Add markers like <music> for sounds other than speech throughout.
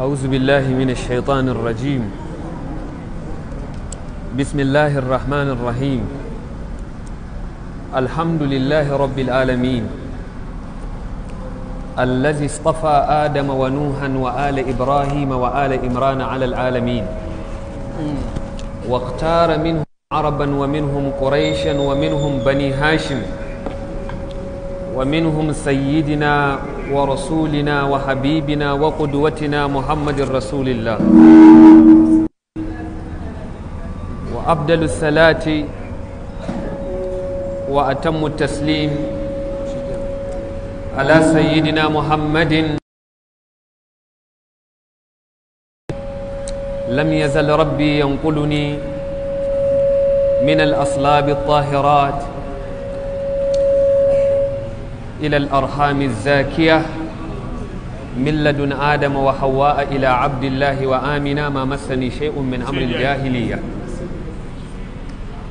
أعوذ بالله من الشيطان الرجيم بسم الله الرحمن الرحيم الحمد لله رب العالمين الذي اصطفى آدم ونوحا وآل إبراهيم وآل إمران على العالمين واختار منهم عربا ومنهم قريشا ومنهم بني هاشم ومنهم سيدنا ورسولنا وحبيبنا وقدوتنا محمد رسول الله وأبدل الصلاة وأتم التسليم على سيدنا محمد لم يزل ربي ينقلني من الأصلاب الطاهرات إلى الأرحام الزاكية من لدن آدم وحواء إلى عبد الله وآمنا ما مسني شيء من أمر الجاهلية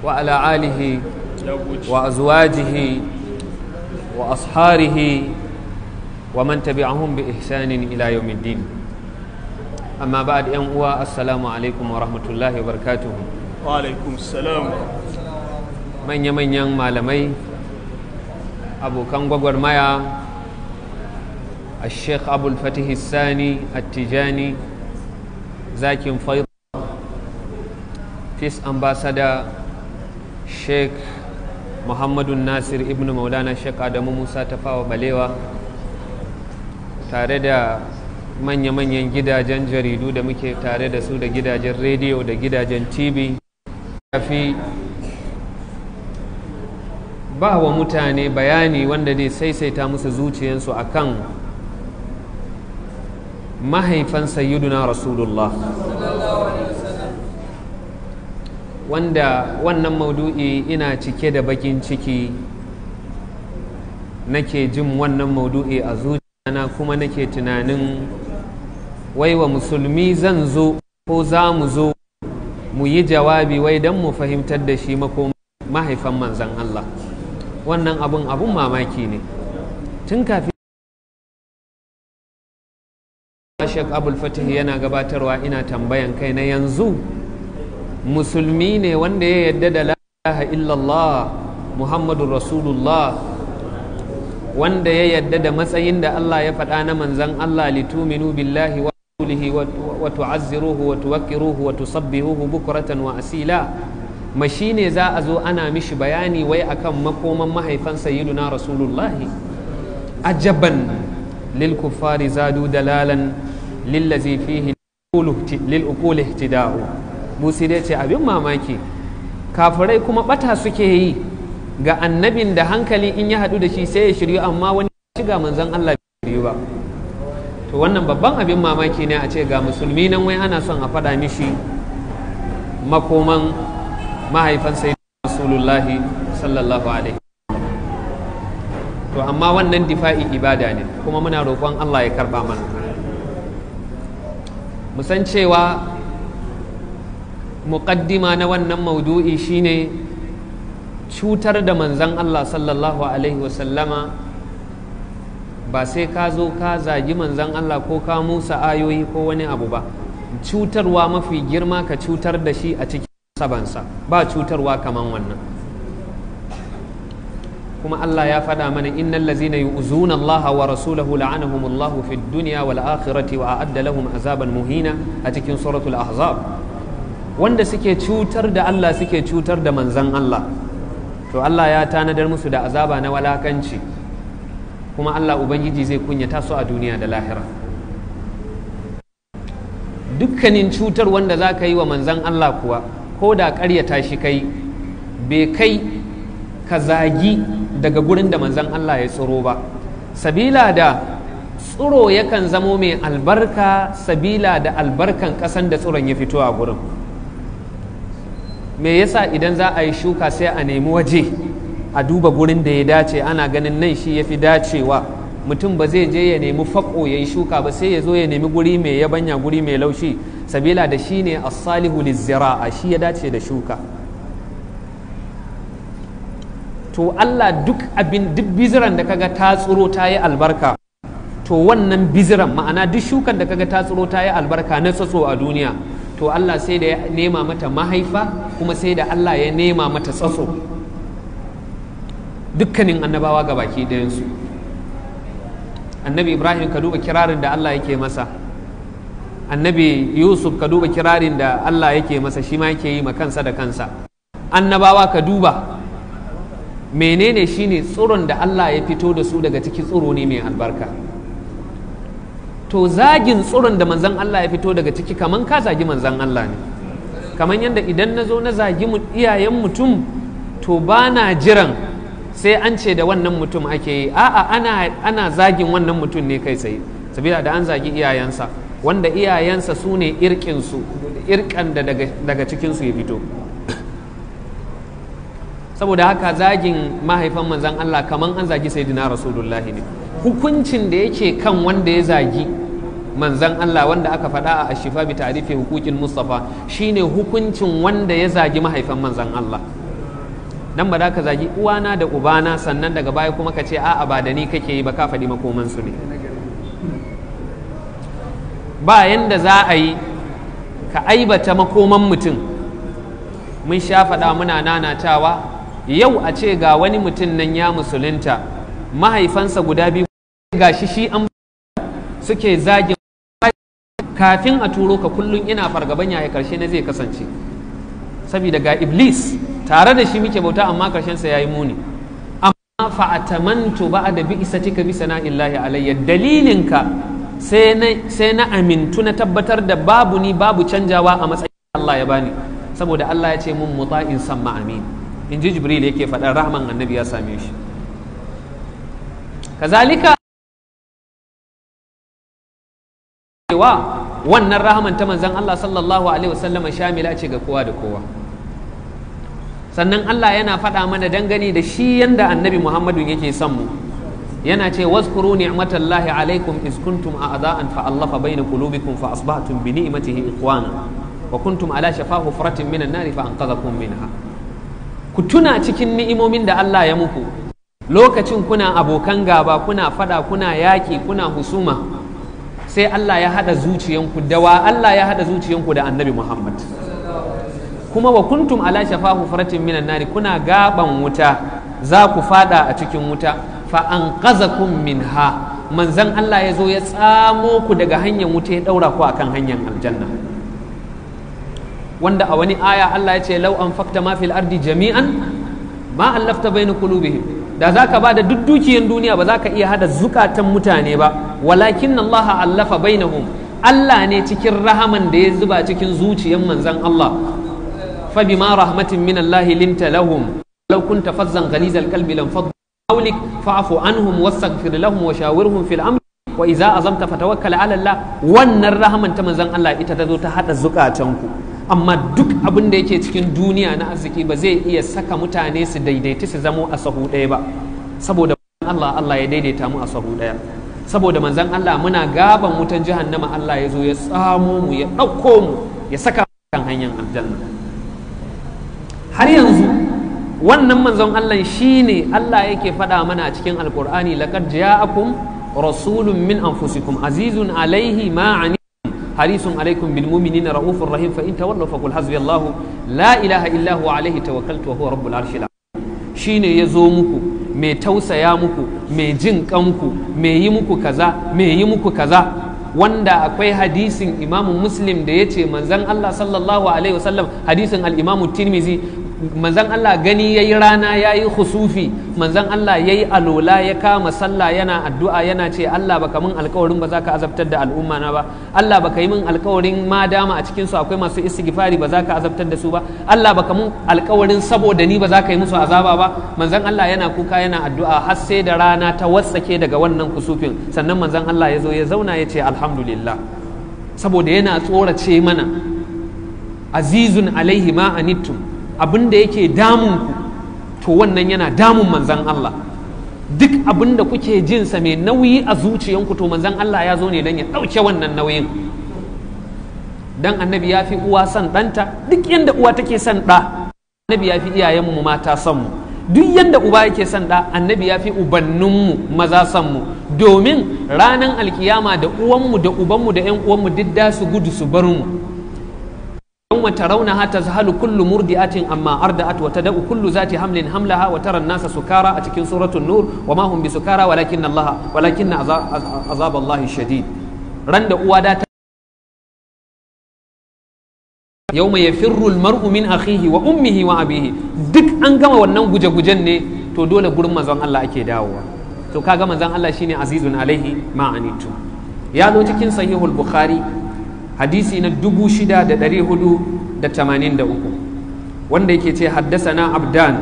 وعلى آله وأزواجه وأصحاره ومن تبعهم بإحسان إلى يوم الدين أما بعد أن السلام عليكم ورحمة الله وبركاته وعليكم السلام من يمن ينمى لمي abokan gwagwarmaya a sheikh fatih sani attijani zakin faida peace ambassador sheikh muhammadu nasir ibn maulana sheikh adamu musa tafawa balewa tare da manya-manyan gidajen jaridu da muke tare da su da gidajen rediyo da gidajen tv fi ba wa mutane bayani wanda zai saisaita musu zuciyarsu akan mahaifan sayyiduna rasulullah wanda wannan maudu'i ina cike da bakin ciki nake jin wannan maudu'i a zuciyana kuma nake tunanin wai wa musulmi zan zo ko za mu zo mu yi jawabi wai don mu fahimtar da shi mahaifan manzan Allah. wannan abu abun mamaki ne tun kafin Sheikh Abul Fatih yana gabatarwa ina tambayan kai na yanzu musulmi ne wanda ya yadda da la ilaha illallah Muhammadu Rasulullah wanda ya yadda da matsayin da Allah ya faɗa na manzan Allah lituminu billahi wa wa tu'azziruhu wa tuwaqqiruhu wa tusabbihuhu bukratan wa asila Mashine ne za a zo ana mishi bayani wai akan makoman mahaifan na rasulullahi ajaban lil kuffari zadu dalalan lillazi fihi lil ihtida'u musi dai ce abin mamaki kafirai kuma bata suke yi ga annabin da hankali in ya haɗu da shi sai ya shirya amma wani shiga manzon Allah shiryu ba to wannan babban abin mamaki ne a ce ga musulmi nan wai ana son a faɗa mishi makoman mahaifan sai rasulullahi sallallahu alaihi to amma wannan difa'i ibada ne kuma muna roƙon Allah ya karba mana musan cewa muƙaddima na wannan maudu'i shine cutar da manzan Allah sallallahu alaihi wasallama ba sai ka zo ka zagi manzan Allah ko ka musa ayoyi ko wani abu ba cutarwa mafi girma ka cutar da shi a cikin sabansa ba cutarwa kaman wannan kuma Allah ya faɗa mana innal ladzina yu'zuna Allah wa rasulahu la'anahumullahu fid dunya wal akhirati wa a'adda lahum azaban muhina a cikin suratul ahzab wanda suke cutar da Allah suke cutar da manzan Allah to Allah ya tanadar musu da azaba na walakanci kuma Allah ubangiji zai kunyata su a duniya da lahira dukkanin cutar wanda zaka yi wa manzan Allah kuwa ko da ƙaryata shi kai bai kai ka zagi daga gurin da manzan Allah ya tsoro ba sabila da tsoro yakan zamo mai albarka sabila da albarkan ƙasan da tsoron ya fito a gurin me yasa idan za a yi shuka sai a nemi waje a duba gurin da ya dace ana ganin nan shi ya fi dacewa mutum ba zai je ya nemi fako ya yi shuka ba sai ya zo ya nemi guri mai yabanya guri mai laushi sabila da shi ne as-salihu lizzira'a shi ya dace da shuka to Allah duk abin duk biziran da kaga ta tsoro ta yi albarka to wannan biziran ma'ana duk shukan da kaga ta tsiro ta yi albarka na tsatso a duniya to Allah sai da ya nema mata mahaifa kuma sai da Allah ya nema mata tsatso dukkanin annabawa ga baki ɗayansu annabi ibrahim ka duba kirarin da Allah yake masa annabi yusuf ka duba kirarin da allah yake masa shi ma yake yi ma kansa da kansa annabawa ka duba menene shine tsoron da allah ya fito da su daga ciki tsoro ne mai albarka to zagin tsoron da manzan allah ya fito daga ciki kaman ka zagi manzan allah ne kaman yadda idan na zo na zagi iyayen mutum to ba na jiran sai an ce da wannan mutum ake yi a'a ana, zagin wannan mutum ne kai sai sabida da an zagi iyayensa wanda iyayensa su ne irkinsu irkan da daga cikinsu ya fito saboda haka zagin mahaifan manzan Allah kamar an zagi dina rasulullahi ne hukuncin da yake kan wanda ya zagi manzan Allah wanda aka faɗa a shifa bi tarife hukukin Mustafa shine hukuncin wanda ya zagi mahaifan manzan Allah dan ba za ka zagi uwana da ubana sannan daga baya kuma ka ce a'a ba da ni kake yi ba ka faɗi makomansu ne ba yanda za a yi ka aibata makoman mutum mun sha faɗa muna nanatawa yau a ce ga wani mutum nan ya musulunta mahaifansa guda biyu ga shi shi an suke zagin kafin a turo ka kullum ina fargaban yaya karshe na zai kasance saboda ga iblis tare da shi muke bauta amma karshensa ya yi muni amma fa'atamantu ba da bi isa bi sana'illahi alayya dalilinka sai na amintu na tabbatar da babu ni babu canjawa a matsayin Allah ya bani saboda Allah ya ce mun in san amin in ji jibril yake faɗar rahman annabi ya same shi kazalika cewa wannan rahaman ta manzan Allah sallallahu alaihi wasallama shamila ce ga kowa da kowa sannan Allah yana faɗa mana dangane da shi yanda annabi Muhammadu yake son mu yana ce wazkuru ni'matallahi alaikum iz kuntum a'da'an fa allah fa baina qulubikum fa asbahtum bi ni'matihi ikhwana wa kuntum ala shafa hufratin minan nari fa anqadhakum minha ku tuna cikin ni'imomin da Allah ya muku lokacin kuna abokan gaba kuna fada kuna yaki kuna husuma sai Allah ya hada zuciyanku da Allah ya hada zuciyanku da Annabi Muhammad kuma wa kuntum ala shafa hufratin minan nari kuna gaban wuta za ku fada a cikin wuta fa anqazakum minha manzon Allah ya zo ya tsamo ku daga hanyar wuta ya daura ku akan hanyar aljanna wanda a wani aya Allah ya ce lau'an fakta ma fil ardi jami'an ma allafta baina qulubihim da zaka bada duk dukiyar duniya ba zaka iya hada zukatan mutane ba walakin Allah allafa bainahum Allah ne cikin rahaman da ya zuba cikin zuciyar manzon Allah fa bima rahmatin min Allah linta lahum law kunta fazzan ghalizal qalbi lam قولك فاعف عنهم واستغفر لهم وشاورهم في الامر واذا أزمت فتوكل على الله wannan rahaman ta manzon Allah ita tazo ta hada zukatanku. amma duk abin da yake cikin duniya na arziki ba zai iya saka mutane su daidaita su zama a sahu ɗaya ba saboda Allah Allah ya daidaita mu a sahu daya saboda manzon Allah muna gaban wutan jahannama Allah ya zo ya tsamo mu ya dauko mu ya saka kan hanyar aljanna har yanzu wannan manzon Allah shine Allah yake faɗa mana a cikin alkur'ani laqad ja'akum rasulun min anfusikum azizun alaihi maani harisun alaikum bil mu'minina raufur rahim fa in tawallaw faqul hasbi la ilaha illa huwa alaihi tawakkaltu wa huwa rabbul arshil shine ya zo muku mai tausaya muku mai jin kanku mai yi muku kaza mai yi muku kaza wanda akwai hadisin imamu muslim da ya ce manzan Allah sallallahu alaihi wasallam hadisin al'imamu tirmizi manzan Allah gani ya yi rana ya yayi khusufi manzan Allah ya yi alola ya kama sallah yana addu'a yana ce Allah baka min alkawarin ba za ka azabtar da al'umma na ba Allah baka yi min alkawarin ma dama a cikinsu akwai masu istighfari ba za ka azabtar da su ba Allah baka min alkawarin saboda ni ba za ka yi musu azaba ba manzan Allah yana kuka yana addu'a har sai da rana ta watsake daga wannan kusufin sannan manzan Allah ya zo ya zauna ya ce alhamdulillah saboda yana tsorace mana azizun alaihi ma anittum abin da yake damun ku to wannan yana damun manzan Allah duk abin da kuke jinsa mai nauyi a zuciyanku to manzan Allah ya zo ne don ya ɗauke wannan nauyin dan annabi ya fi uwa son ɗanta duk yadda uwa take son ɗa annabi ya fi iyayenmu mata son mu duk yadda uba yake son ɗa annabi ya fi ubanninmu maza son mu domin ranar alkiyama da uwanmu da ubanmu da 'yan uwanmu duk da su gudu su bar mu yawma tarawnaha tazhalu kullu murdi'atin amma arda'at wa tad'u kullu zati hamlin hamlaha wa tara an-nasa sukara a cikin suratul nur wa ma hum bisukara walakin Allah walakin azab Allah shadid ran da uwa da yawma yafirru al-mar'u min akhihi wa ummihi wa abihi duk an gama wannan guje-gujen ne to dole gurin manzon Allah ake dawowa to kaga manzon Allah shine azizun alaihi ma'anitu ya zo cikin sahihul bukhari hadisi na 6483 wanda yake ce haddasana abdan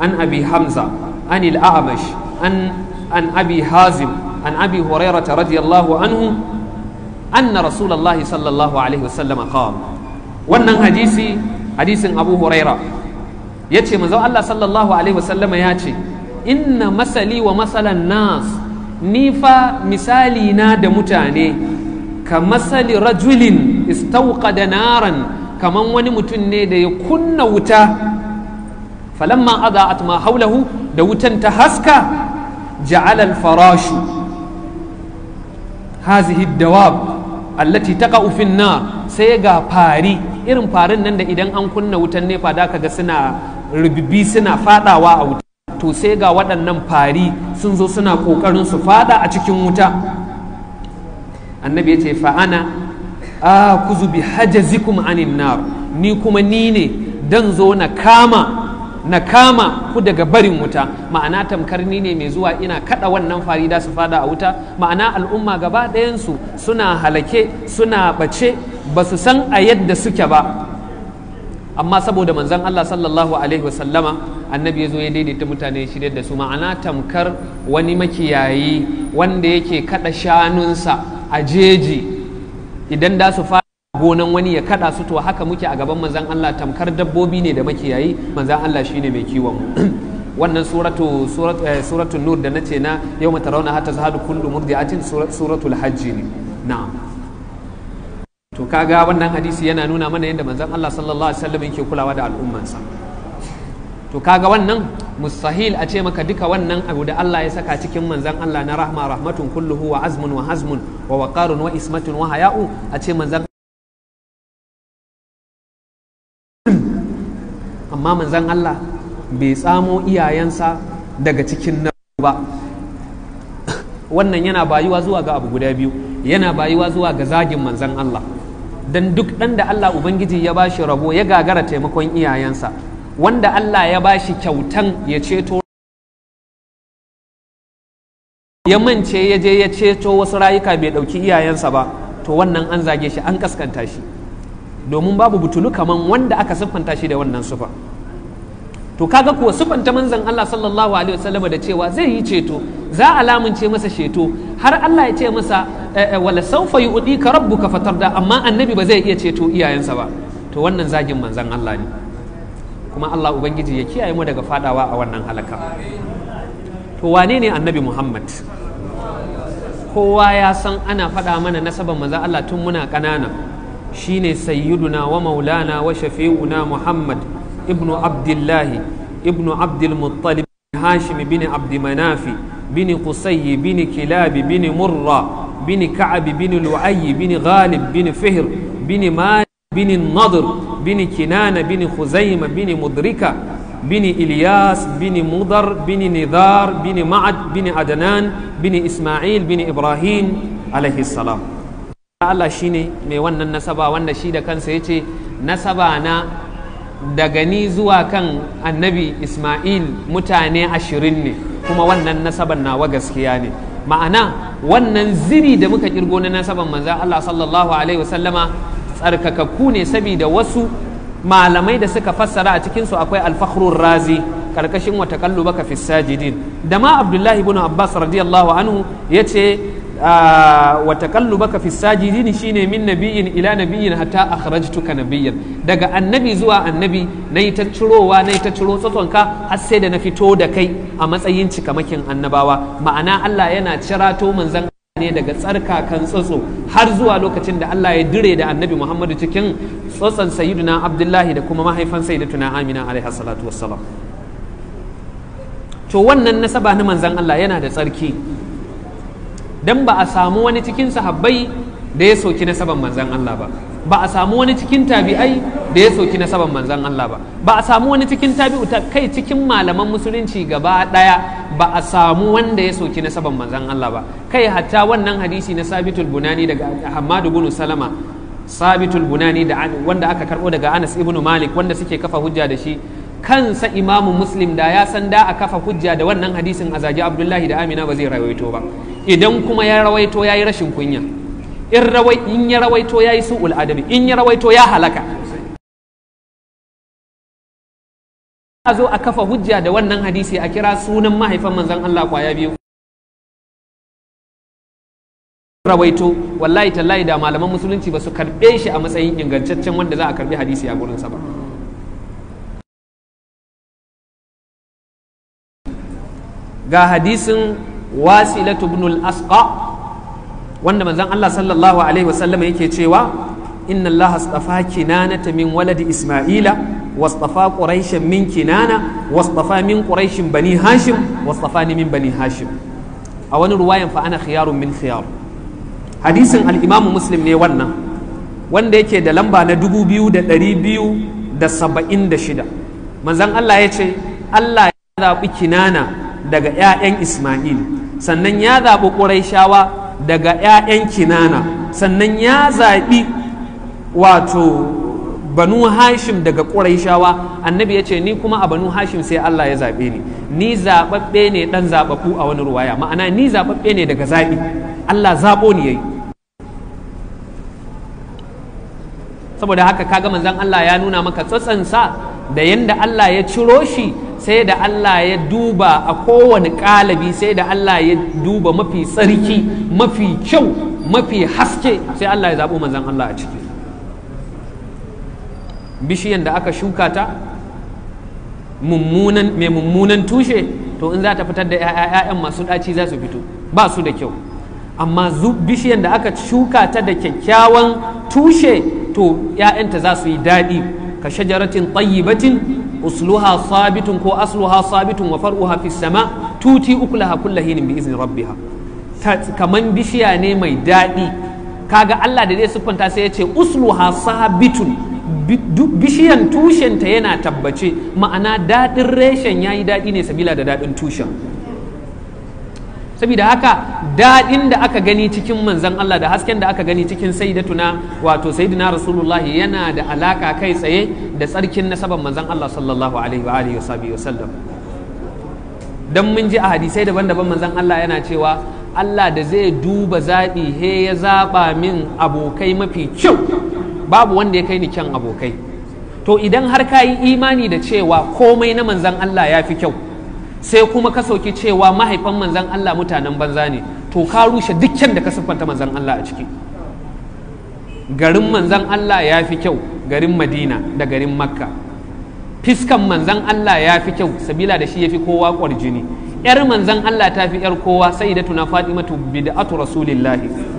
an abi hamza an al an abi hazim an abi hurairata radiyallahu anhu anna rasulullahi sallallahu alaihi wasallam qala wannan hadisi hadisin abu huraira yace manzo Allah sallallahu alaihi wasallam ya ce inna masali wa masalan nas ni fa misali na da mutane kamasali rajulin istauqada naran kaman wani mutum ne da ya kunna wuta falamma adaat ma haulahu da wutan ta haska ja'ala al-farashu hazihi dawab allati taqa'u fi na sai ga fari irin farin nan da idan an kunna wutan nefa da kaga suna rubibi suna fadawa a wuta to sai ga waɗannan fari sun zo suna ƙoƙarin su fada a cikin wuta annabi ya ce fa'ana a kuzu bi hajazikum anin nar ni kuma ni ne dan zo na kama na kama ku daga barin wuta ma'ana tamkar ni ne mai zuwa ina kada wannan farida su fada a wuta ma'ana al'umma gaba ɗayansu suna halake suna ɓace ba su san a yadda suke ba amma saboda manzon Allah sallallahu alaihi wasallama annabi ya zo ya daidaita mutane shi da su ma'ana tamkar wani makiyayi wanda yake kada shanunsa a jeji idan da su fara gonan wani ya kada su to haka muke a gaban manzan Allah tamkar dabbobi ne da makiyayi manzan Allah shine mai kiwon <clears throat> wannan suratu eh, suratu nur da nace na yawma tarawna hatta zahadu kullu murdi'atin suratul hajj ne na'am to kaga wannan hadisi yana nuna mana yadda manzan Allah sallallahu alaihi wasallam yake kulawa da al'ummansa to kaga wannan mustahil a ce maka duka wannan abu da Allah ya saka cikin manzan Allah na rahma rahmatun kulluhu wa azmun wa hazmun wa waqarun wa ismatun wa haya'u a ce manzan amma manzan Allah bai tsamo iyayensa daga cikin na ba wannan yana bayuwa zuwa ga abu guda biyu yana bayuwa zuwa ga zagin manzan Allah dan duk ɗan da Allah Ubangiji ya bashi rabo ya gagara taimakon iyayensa wanda Allah ya ba shi kyautan ya ceto ya mance ya je ya ceto wasu rayuka bai ɗauki iyayensa ba to wannan an zage shi an kaskanta shi domin babu butulu kaman wanda aka siffanta shi da wannan sufa to kaga kuwa siffanta manzan Allah sallallahu alaihi wasallam da cewa zai yi ceto za a lamunce masa ceto har Allah ya ce masa eh, eh, wala sawfa ka rabbuka da. amma annabi ba zai iya ceto iyayensa ba to wannan zagin manzon Allah ne kuma Allah ubangiji ya kiyaye mu daga fadawa a wannan halaka to wane ne annabi Muhammad kowa ya san ana faɗa mana nasaban maza Allah tun muna ƙanana shine sayyiduna wa maulana wa shafi'una Muhammad ibnu abdullahi ibnu abdul muttalib hashim bin Abdi manafi bin qusay bin kilab bin murra bin ka'ab bin lu'ay bin ghalib bin fihr bin malik bin nadr بن كنانة بن خزيمة بن مدركة بن إلياس بن مضر بن نذار بن معد بن عدنان بن إسماعيل بن إبراهيم عليه السلام Allah shine mai wannan nasaba wanda shi da kansa ya ce nasaba na daga ni zuwa kan annabi Ismail mutane ashirin ne kuma wannan nasaban nawa gaskiya ne ma'ana wannan ziri da muka kirgo na nasaban manza Allah sallallahu alaihi wasallama tsarkakakku ne saboda wasu malamai da suka fassara a cikinsu akwai alfakhrur razi karkashin wata kallo baka fi sajidin da ma abdullahi ibn abbas radiyallahu anhu ya ce ah, wata kallo baka fi sajidin shine min nabiyin ila nabiyin hatta akhrajtuka nabiyyan daga annabi zuwa annabi nayi ta cirowa nayi ta ciro har sai da na fito da kai a matsayin cikamakin annabawa ma'ana Allah yana cirato manzon ne daga tsarka kan tsotso har zuwa lokacin da Allah ya dire da annabi Muhammadu cikin tsotson sayyiduna Abdullahi da kuma mahaifan sayyidatuna Amina alaihi salatu wassalam to wannan nasaba na manzan Allah yana da tsarki dan ba a samu wani cikin sahabbai da ya soki nasaban manzan Allah ba ba a samu wani cikin tabi'ai da ya soki nasaban manzan Allah ba ba a samu wani cikin tabi'u ta kai cikin malaman musulunci gaba daya ba a samu wanda ya soki nasaban manzan Allah ba kai hatta wannan hadisi na sabitul bunani daga Hamadu bin Salama sabitul bunani da wanda aka karbo daga Anas ibnu Malik wanda suke kafa hujja da shi kansa imamu muslim da ya san da a kafa hujja da wannan hadisin azaji abdullahi da amina ba zai rawaito ba idan kuma ya rawaito ya yi rashin kunya in rawai in ya rawaito yayi su'ul adami in ya rawaito ya halaka a zo a kafa hujja da wannan hadisi a kira sunan mahaifan manzon Allah kwaya biyu rawaito wallahi tallahi da malaman musulunci ba su karbe shi a matsayin ingantaccen wanda za a karbi hadisi a gurin sa ba ga hadisin wasilatu ibn al-asqa wanda manzon Allah sallallahu alaihi wasallam yake cewa inna Allah astafa kinanata min waladi Isma'ila واصطفى min kinana, wastafa min من bani Hashim, wastafa ni min bani Hashim. a wani ruwayan fa ana khiyarun min khiyar hadisin al'imamu muslim ne wannan wanda yake da lamba na dubu biyu da ɗari biyu da saba'in da shida manzan Allah ya ce Allah ya zaɓi kinana daga ‘ya'yan Ismail sannan ya zaɓi ƙuraishawa daga 'ya'yan kinana sannan ya zaɓi wato banu hashim daga ƙuraishawa annabi ya ce ni kuma a banu hashim sai Allah ya zaɓe ni ni zaɓaɓɓe ne ɗan zaɓaɓɓu a wani ruwaya ma'ana ni zaɓaɓɓe ne daga zaɓi Allah zaɓo ni yayi saboda haka kaga manzon Allah ya nuna maka tsatsansa da yanda Allah ya ciro shi sai da Allah ya duba a kowane kalabi sai da Allah ya duba mafi tsarki mafi kyau mafi haske sai Allah ya zaɓo manzon Allah a ciki bishiyan da aka shuka ta mummunan mai mummunan tushe to in za ta fitar da 'ya'yan masu ɗaci za su fito ba su da kyau amma bishiyan da aka shuka ta da kyakkyawan tushe to ‘ya'yanta za su yi daɗi ka shajaratin tayyibatin usluha sabitun ko asluha sabitun wa far'uha fi sama tuti ukulaha kullahinin bi izni rabbiha kaman bishiya ne mai daɗi kaga Allah da zai siffanta sai ya ce usluha sabitun bishiyan tushenta yana tabbace ma'ana daɗin reshen yayi daɗi ne sabila da daɗin tushen saboda haka daɗin da aka gani cikin manzan Allah da hasken da aka gani cikin sayyidatuna wato na rasulullahi yana da alaka kai tsaye da tsarkin nasaban manzan Allah sallallahu alaihi wa alihi wa sallam dan mun ji a hadisai daban-daban manzan Allah yana cewa Allah da zai duba zaɓi he ya zaɓa min abokai mafi kyau babu wanda ya kai ni kyan abokai to idan har ka yi imani da cewa komai na manzan Allah ya fi kyau sai kuma ka sauki cewa mahaifan manzan Allah mutanen banza ne to ka rushe dukkan da ka siffanta manzan Allah a ciki garin manzan Allah ya fi kyau garin Madina da garin Makka fiskan manzan Allah ya fi kyau sabila da shi ya fi kowa kwarjini yar manzan Allah ta fi yar kowa sai da tuna fatimatu bid'atu rasulillahi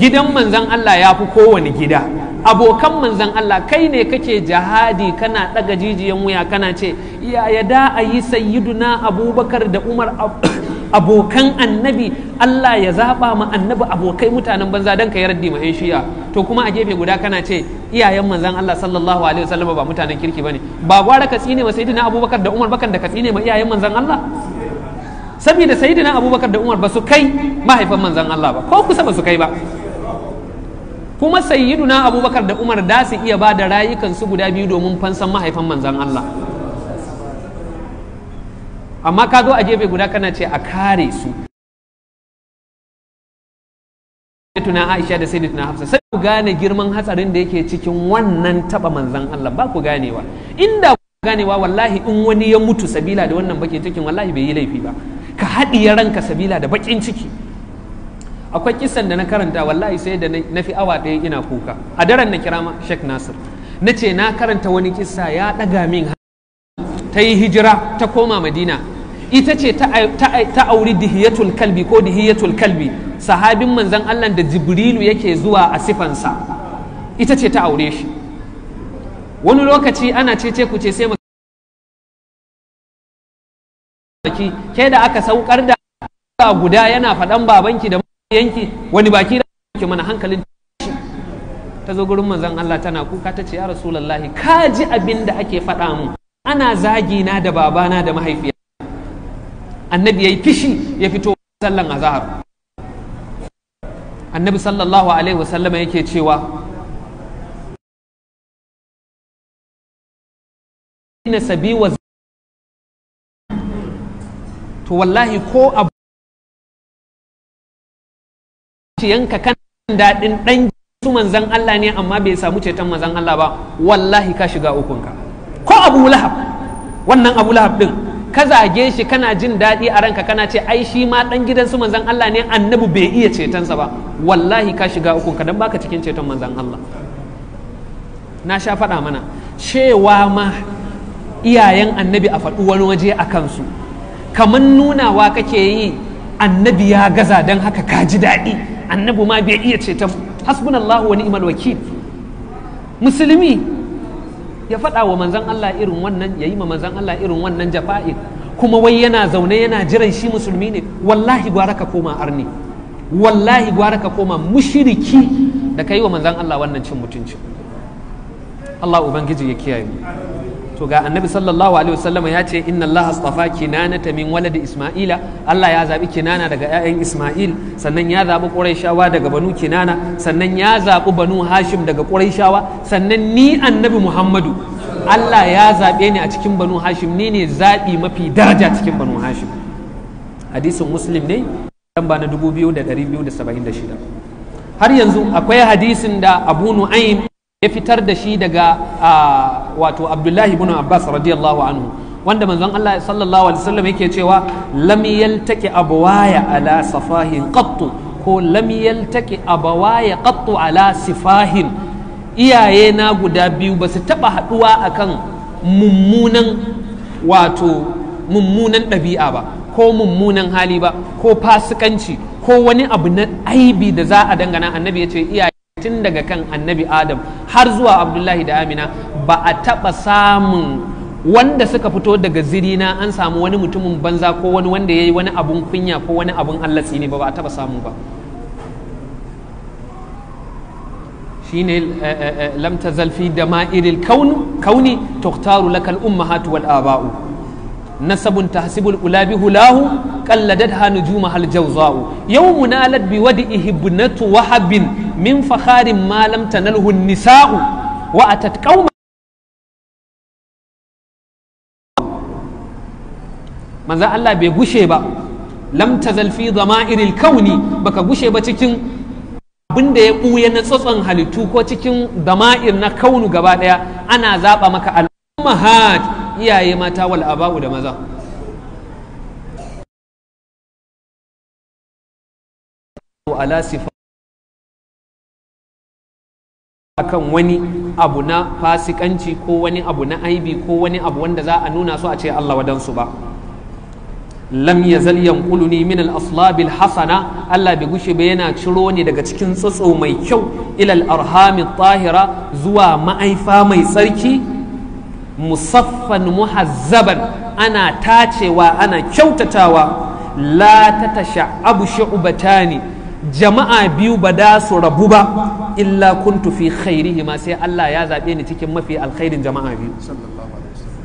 gidan manzan Allah ya fi kowane gida abokan manzan Allah kai ne kake jihadi kana daga jijiyan wuya kana ce ya yada da a yi sayyiduna abubakar da umar <coughs> abokan annabi Allah ya zaba ma annabi abokai mutanen banza don ka yi raddi mahin shiya to kuma a gefe guda kana ce iyayen manzan Allah sallallahu alaihi wasallam ba mutanen kirki bane ba gwara katsi ne ma sayyidina abubakar da umar bakan da katsi ne ma iyayen manzan Allah saboda sayyidina abubakar da umar ba su kai mahaifan manzan Allah ba ko kusa ba su kai ba kuma sayyiduna abubakar da umar da su iya ba da rayukan su guda biyu domin fansan mahaifan manzan Allah amma ka zo a jefe guda kana ce a kare su tuna aisha da sayyidatuna hafsa sai ku gane girman hatsarin da yake cikin wannan taba manzan Allah ba ku ganewa inda ku ganewa wallahi in wani ya mutu sabila da wannan bake cikin wallahi bai yi laifi ba ka haɗiye ranka sabila da baƙin ciki akwai kisan da na karanta wallahi sai da na fi awa ɗaya ina kuka a daren na kira Sheikh Nasir na ce na karanta wani kisa ya ɗaga min ta yi hijira ta koma Madina ita ce ta auri dihiyatul kalbi ko dihiyatul kalbi sahabin manzan Allah da Jibrilu yake zuwa a sifansa ita ce ta aure shi wani lokaci ana ce ce ku ce sai baki ke da aka saukar da guda yana faɗan babanki da yanki wani baki da ke mana hankalin ta zo gurin manzon Allah tana kuka ta ce ya rasulullahi ka ji abin da ake faɗa mu ana zagi na da babana da mahaifiya annabi yayi fishi ya fito sallan azhar annabi sallallahu alaihi wasallama yake cewa na sabi wa to wallahi ko a yanka kan daɗin ɗan su manzan Allah ne amma bai samu ceton manzan Allah ba wallahi ka shiga ukunka ko abu lahab wannan abu lahab ɗin ka zage shi kana jin daɗi a ranka kana ce ai shi ma ɗan gidan su manzan Allah ne annabi bai iya cetonsa ba wallahi ka shiga ukunka don baka cikin ceton manzan Allah na sha faɗa mana cewa ma iyayen annabi a faɗi wani waje a kansu kamar nunawa kake yi annabi ya gaza don haka ka ji daɗi annabi ma bai iya ce ta hasbunallahu wani iman wakil musulmi ya faɗa wa manzan Allah irin wannan ya yi ma manzan Allah irin wannan jafa'in kuma wai yana zaune yana jiran shi musulmi ne wallahi gwara ka koma arni wallahi gwara ka koma mushiriki da ka yi wa manzan Allah wannan cin mutunci Allah Ubangiji ya kiyaye mu to ga annabi sallallahu alaihi wasallam ya ce inna Allah astafa ta min waladi isma'ila Allah ya zabi kinana daga ƴaƴan isma'il sannan ya zabi quraishawa daga banu kinana sannan ya zabi banu hashim daga quraishawa sannan ni annabi muhammadu Allah ya zabe ni a cikin banu hashim ni ne zabi mafi daraja cikin banu hashim hadisin muslim ne lamba na 2276 har yanzu akwai hadisin da abu nu'aym ya fitar da shi daga wato abdullahi ibn abbas radiyallahu anhu wanda manzon Allah sallallahu alaihi wasallam yake cewa lam yaltaki abwaya ala safahin qattu ko lam yaltaki abwaya qattu ala sifahin iyaye na guda biyu ba su taba haduwa akan mummunan wato mummunan ɗabi'a ba ko mummunan hali ba ko fasikanci ko wani abu na aibi da za a dangana annabi ya ce iyaye tun daga kan annabi adam har zuwa abdullahi da amina ba a taɓa samun wanda suka fito daga zirina an samu wani mutumin banza ko wani wanda ya yi wani abun kunya ko wani abun allah ne ba a taɓa samu ba Shi shine eh, eh, eh, lamta zalfi da ma'iril kauni tuktaru lakal ummahatu wal aba'u nasabun tahsibul ula bi hulahu qalladadha nujuma hal jawza'u yawmun alat bi wadihi ibnatu wahabin min fakharin ma lam tanalhu nisa'u wa atat qauma manzo Allah bai gushe ba lam tazal fi dhama'iril kauni baka gushe ba cikin abinda ya ɓuya na tsotson halittu ko cikin dama'ir na kaunu gaba ɗaya ana zaɓa maka al'ummahaj iyaye mata wal aba'u da maza akan wani abu na fasikanci ko wani abu na aibi ko wani abu wanda za a nuna su a ce Allah wadansu ba lam yazal ƙuluni min al aslabil hasana Allah bai gushe ba yana ciro ni daga cikin tsotso mai kyau ilal arhami tahira zuwa ma'aifa mai tsarki musaffan muhazzaban ana tacewa ana kyautatawa la ta abu shu'batani jama'a biyu ba da su rabu ba illa kuntu fi khairihi ma sai Allah ya zaɓe ni cikin mafi alkhairin jama'a biyu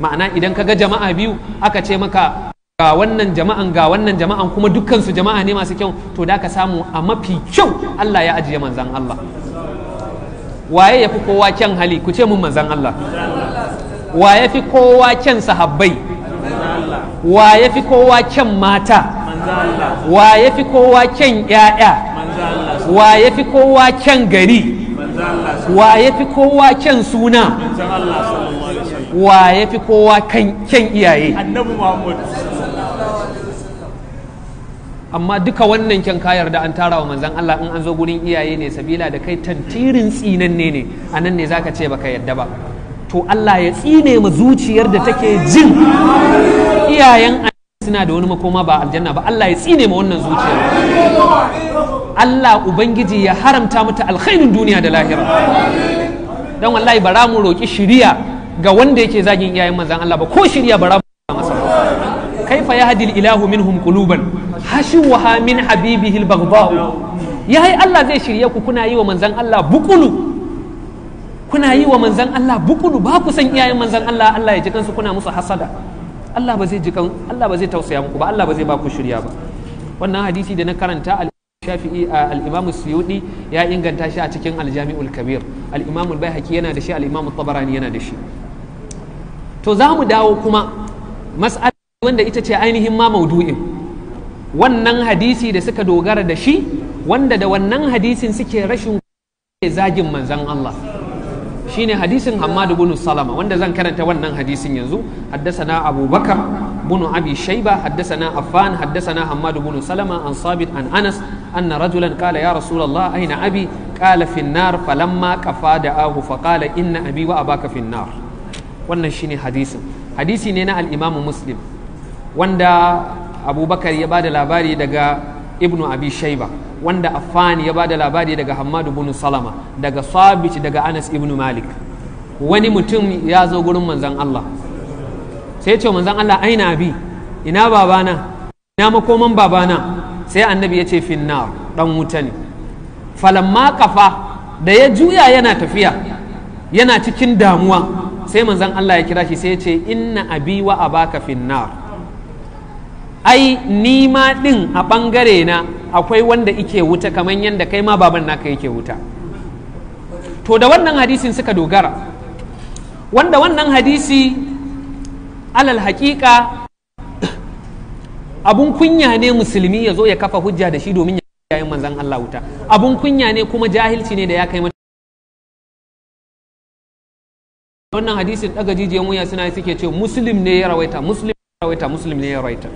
ma'ana idan ka ga jama'a biyu aka ce maka ga wannan jama'an ga wannan jama'an kuma dukkansu jama'a ne masu kyau to da ka samu a mafi kyau Allah ya ajiye manzan Allah waye ya fi kowa kyan hali ku ce mun manzan Allah wa ya fi kowa kyan sahabbai wa ya fi kowa kyan mata wa ya fi kowa kyan ‘ya'ya wa ya fi kowa kyan gari wa ya fi kowa kyan suna wa ya fi kowa kyan iyaye amma duka wannan kyan kayar da an tara wa manzan Allah in an zo gurin iyaye ne sabila da kai tantirin tsinanne ne a nan ne za ka ce baka yadda ba to Allah ya tsine ma zuciyar da take jin iyayen suna da wani makoma ba aljanna ba Allah ya tsine ma wannan zuciyar Allah ubangiji ya haramta mata alkhairin duniya da lahira dan wallahi bara mu roki shiriya ga wanda yake zagin iyayen manzan Allah ba ko shiriya bara masa kaifa yahdil ilahu minhum quluban hashuha min habibihi baghdha yayi Allah zai shirye ku kuna yi wa manzan Allah bukulu kuna yi wa manzan Allah bukulu ba ku san iyayen manzan Allah Allah ya ji kansu kuna musu hasada Allah ba zai ji kan Allah ba zai tausaya muku ba Allah ba zai ba ku shirya ba wannan hadisi da na karanta shafi'i al-imam suyudi ya inganta shi a cikin al-jami'ul kabir al-imam al-baihaqi yana da shi al-imam tabarani yana da shi to za mu dawo kuma mas'ala wanda ita ce ainihin ma maudu'in wannan hadisi da suka dogara da shi wanda da wannan hadisin suke rashin zagin manzan Allah shine hadisin Hammad ibn Salama wanda zan karanta wannan hadisin yanzu haddasana Abu Bakar ibn Abi Shayba haddasana Affan haddasana Hammad ibn Salama an Sabit an Anas anna rajulan qala ya Rasulullah aina abi qala fi an-nar falamma qafa da'ahu fa qala inna abi wa abaka fi an-nar wannan shine hadisin hadisi ne na al-Imam Muslim wanda Abu Bakar ya bada labari daga Ibn Abi Shayba wanda Affani ya ba da labari daga Hamadu bin Salama daga Sabit daga Anas ibn Malik wani mutum ya zo gurin manzan Allah sai ce manzan Allah aina bi. ina babana ina makoman babana sai annabi ya ce finna. dan wuta ne falamma kafa da ya juya yana tafiya yana cikin damuwa sai manzan Allah ya kira shi sai ya ce inna abi wa abaka finna. ai nima ma din a bangare na akwai wanda ike wuta kamar yadda kai ma baban naka yake wuta to da wannan hadisin suka dogara wanda wannan hadisi alal haƙiƙa abun kunya ne musulmi ya zo ya kafa hujja da shi domin yayin manzan Allah wuta abun kunya ne kuma jahilci ne da ya kai mata wannan hadisin daga jijiyan wuya suna suke ce muslim ne ya rawaita muslim ne ya rawaita muslim ne ya rawaita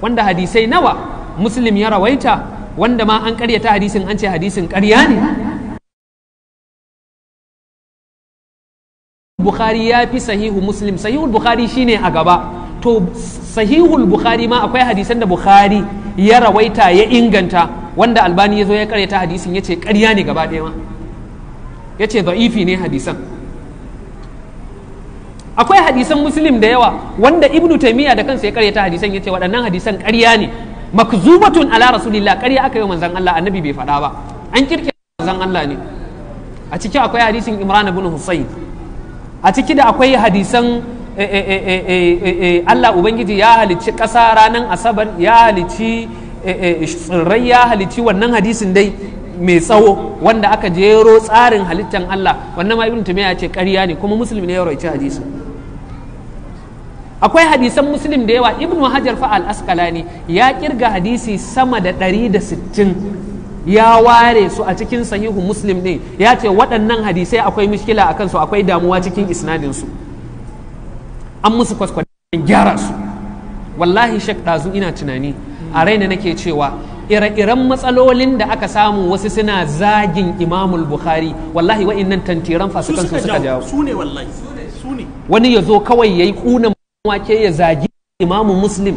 wanda hadisai nawa muslim ya rawaita wanda ma an karyata hadisin an ce hadisin karya ne bukhari ya fi sahihu muslim sahihul bukhari shine a gaba to sahihul bukhari ma akwai hadisan da bukhari ya rawaita ya inganta wanda albani ya zo ya karyata hadisin ya ce karya ne gaba ɗaya ma ya ce za'ifi ne hadisan akwai hadisan muslim da yawa wanda ibnu taimiyya da kansa ya karyata hadisan ya ce waɗannan hadisan karya ne makzumatun ala rasulillah ƙarya aka yi manzon Allah annabi bai fada ba an kirkira manzon Allah ne a ciki akwai hadisin Imran ibn Husayn a ciki da akwai hadisan eh, eh, eh, Allah Ubangiji ya halicci ƙasa ranan asabar ya halicci tsirrai ya halicci wannan hadisin dai mai tsawo wanda aka jero tsarin halittan Allah wannan ma ibn Tumiya ya ce ƙarya ne kuma musulmi ne ya raice hadisin akwai hadisan muslim da yawa ibnu hajar fa al asqalani ya kirga hadisi sama da 160 ya ware su a cikin sahihu muslim din ya ce waɗannan hadisai akwai mishkila akan su akwai damuwa cikin isnadin su an musu kwaskwaden gyara su wallahi shek ɗazu ina tunani a raina nake cewa ire-iren matsalolin da aka samu wasu suna zagin imamul bukhari wallahi wa'innan tantiran fasikan su suka jawo su ne wallahi su ne wani ya zo kawai ya yi kunan wake ya zagi imamu muslim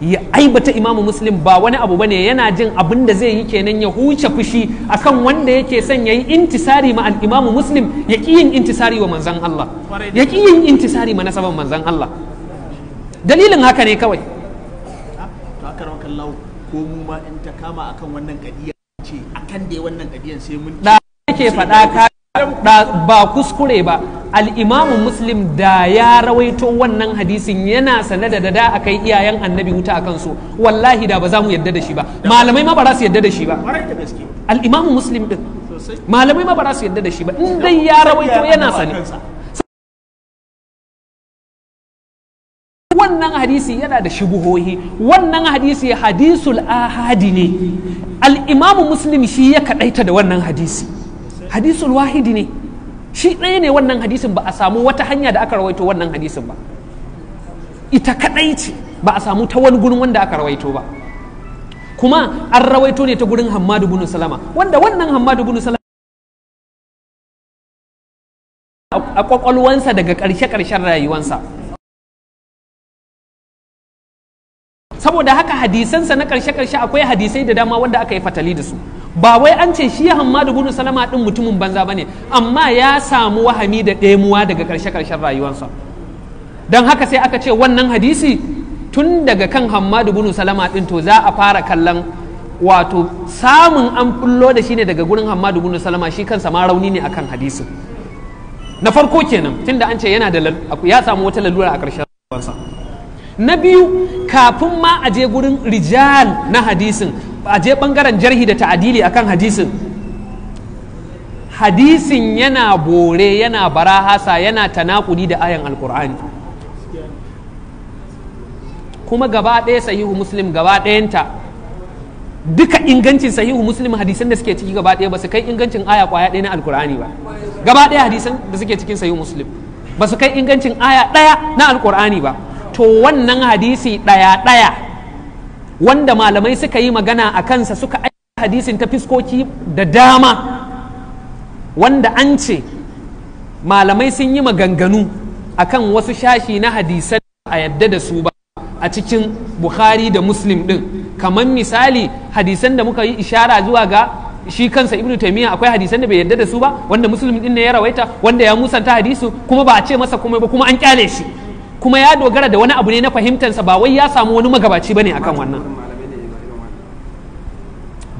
ya aibata imamu muslim ba wani abu bane yana jin abin da zai yi kenan ya huce fushi akan wanda yake son yayi intisari ma al-imamu muslim ya ki yin intisari wa manzan Allah ya ki yin intisari ma nasaban manzan Allah dalilin haka ne kawai to aka kallahu ko mu ma in ta kama akan wannan kadiya ce akan dai wannan kadiyan sai mun da yake faɗa ka ba kuskure ba al'imamu muslim da ya rawaito wannan hadisin yana sane da dada a kai iyayen annabi wuta a kansu wallahi da ba za mu yadda da shi ba malamai ma ba za su yadda da shi ba al'imamu muslim din malamai ma ba za su yadda da shi ba in dai ya rawaito yana sane wannan hadisi yana da shubuhohi wannan hadisi hadisul ahadi ne al'imamu muslim shi ya kaɗaita da wannan hadisi hadisul wahidi ne shi ɗaya ne wannan hadisin ba a samu wata hanya da aka rawaito wannan hadisin ba ita kaɗai ce ba a samu ta wani gurin wanda aka rawaito ba kuma an rawaito ne ta gurin hammadu bin salama wanda wannan Hamadu bin salama a kwakwalwansa daga ƙarshe-ƙarshen rayuwansa saboda haka hadisansa na karshe karshe akwai hadisai da dama wanda aka yi fatali da su ba wai an ce shi Hammadu bin Salama din mutumin banza bane amma ya samu wahami da ɗemuwa daga karshe karshen rayuwarsa don haka sai aka ce wannan hadisi tun daga kan Hammadu bin Salama din to za a fara kallon wato samun an fullo da shi ne daga gurin Hammadu bin Salama shi kansa ma rauni ne akan hadisi na farko kenan tunda an ce yana da ya samu wata lalura a karshen rayuwarsa na biyu kafin ma a je gurin rijal na hadisin a je bangaren jarhi da ta'adili akan hadisin hadisin yana bore yana barahasa yana tanakudi da ayan alkur'ani kuma gaba ɗaya sahihu muslim gaba ɗayanta duka ingancin sahihu muslim hadisan da suke ciki gaba ɗaya ba su kai ingancin aya kwaya ɗaya na alkur'ani ba gaba ɗaya hadisan da suke cikin sahihu muslim ba su kai ingancin aya ɗaya na alkur'ani ba to wannan hadisi ɗaya ɗaya wanda malamai suka yi magana a kansa suka aiki hadisin ta fiskoki da dama wanda an ce malamai sun yi maganganu kan wasu shashi na hadisan a yadda da su ba a cikin bukhari da muslim ɗin kamar misali hadisan da muka yi ishara zuwa ga shi kansa ibnu taimiyya akwai hadisan da bai yadda da su ba wanda muslim din ne ya rawaita wanda ya musanta hadisu kuma ba a ce masa komai ba kuma an kyale shi kuma ya dogara da wani abu ne na fahimtansa ba wai ya samu wani magabaci bane akan wannan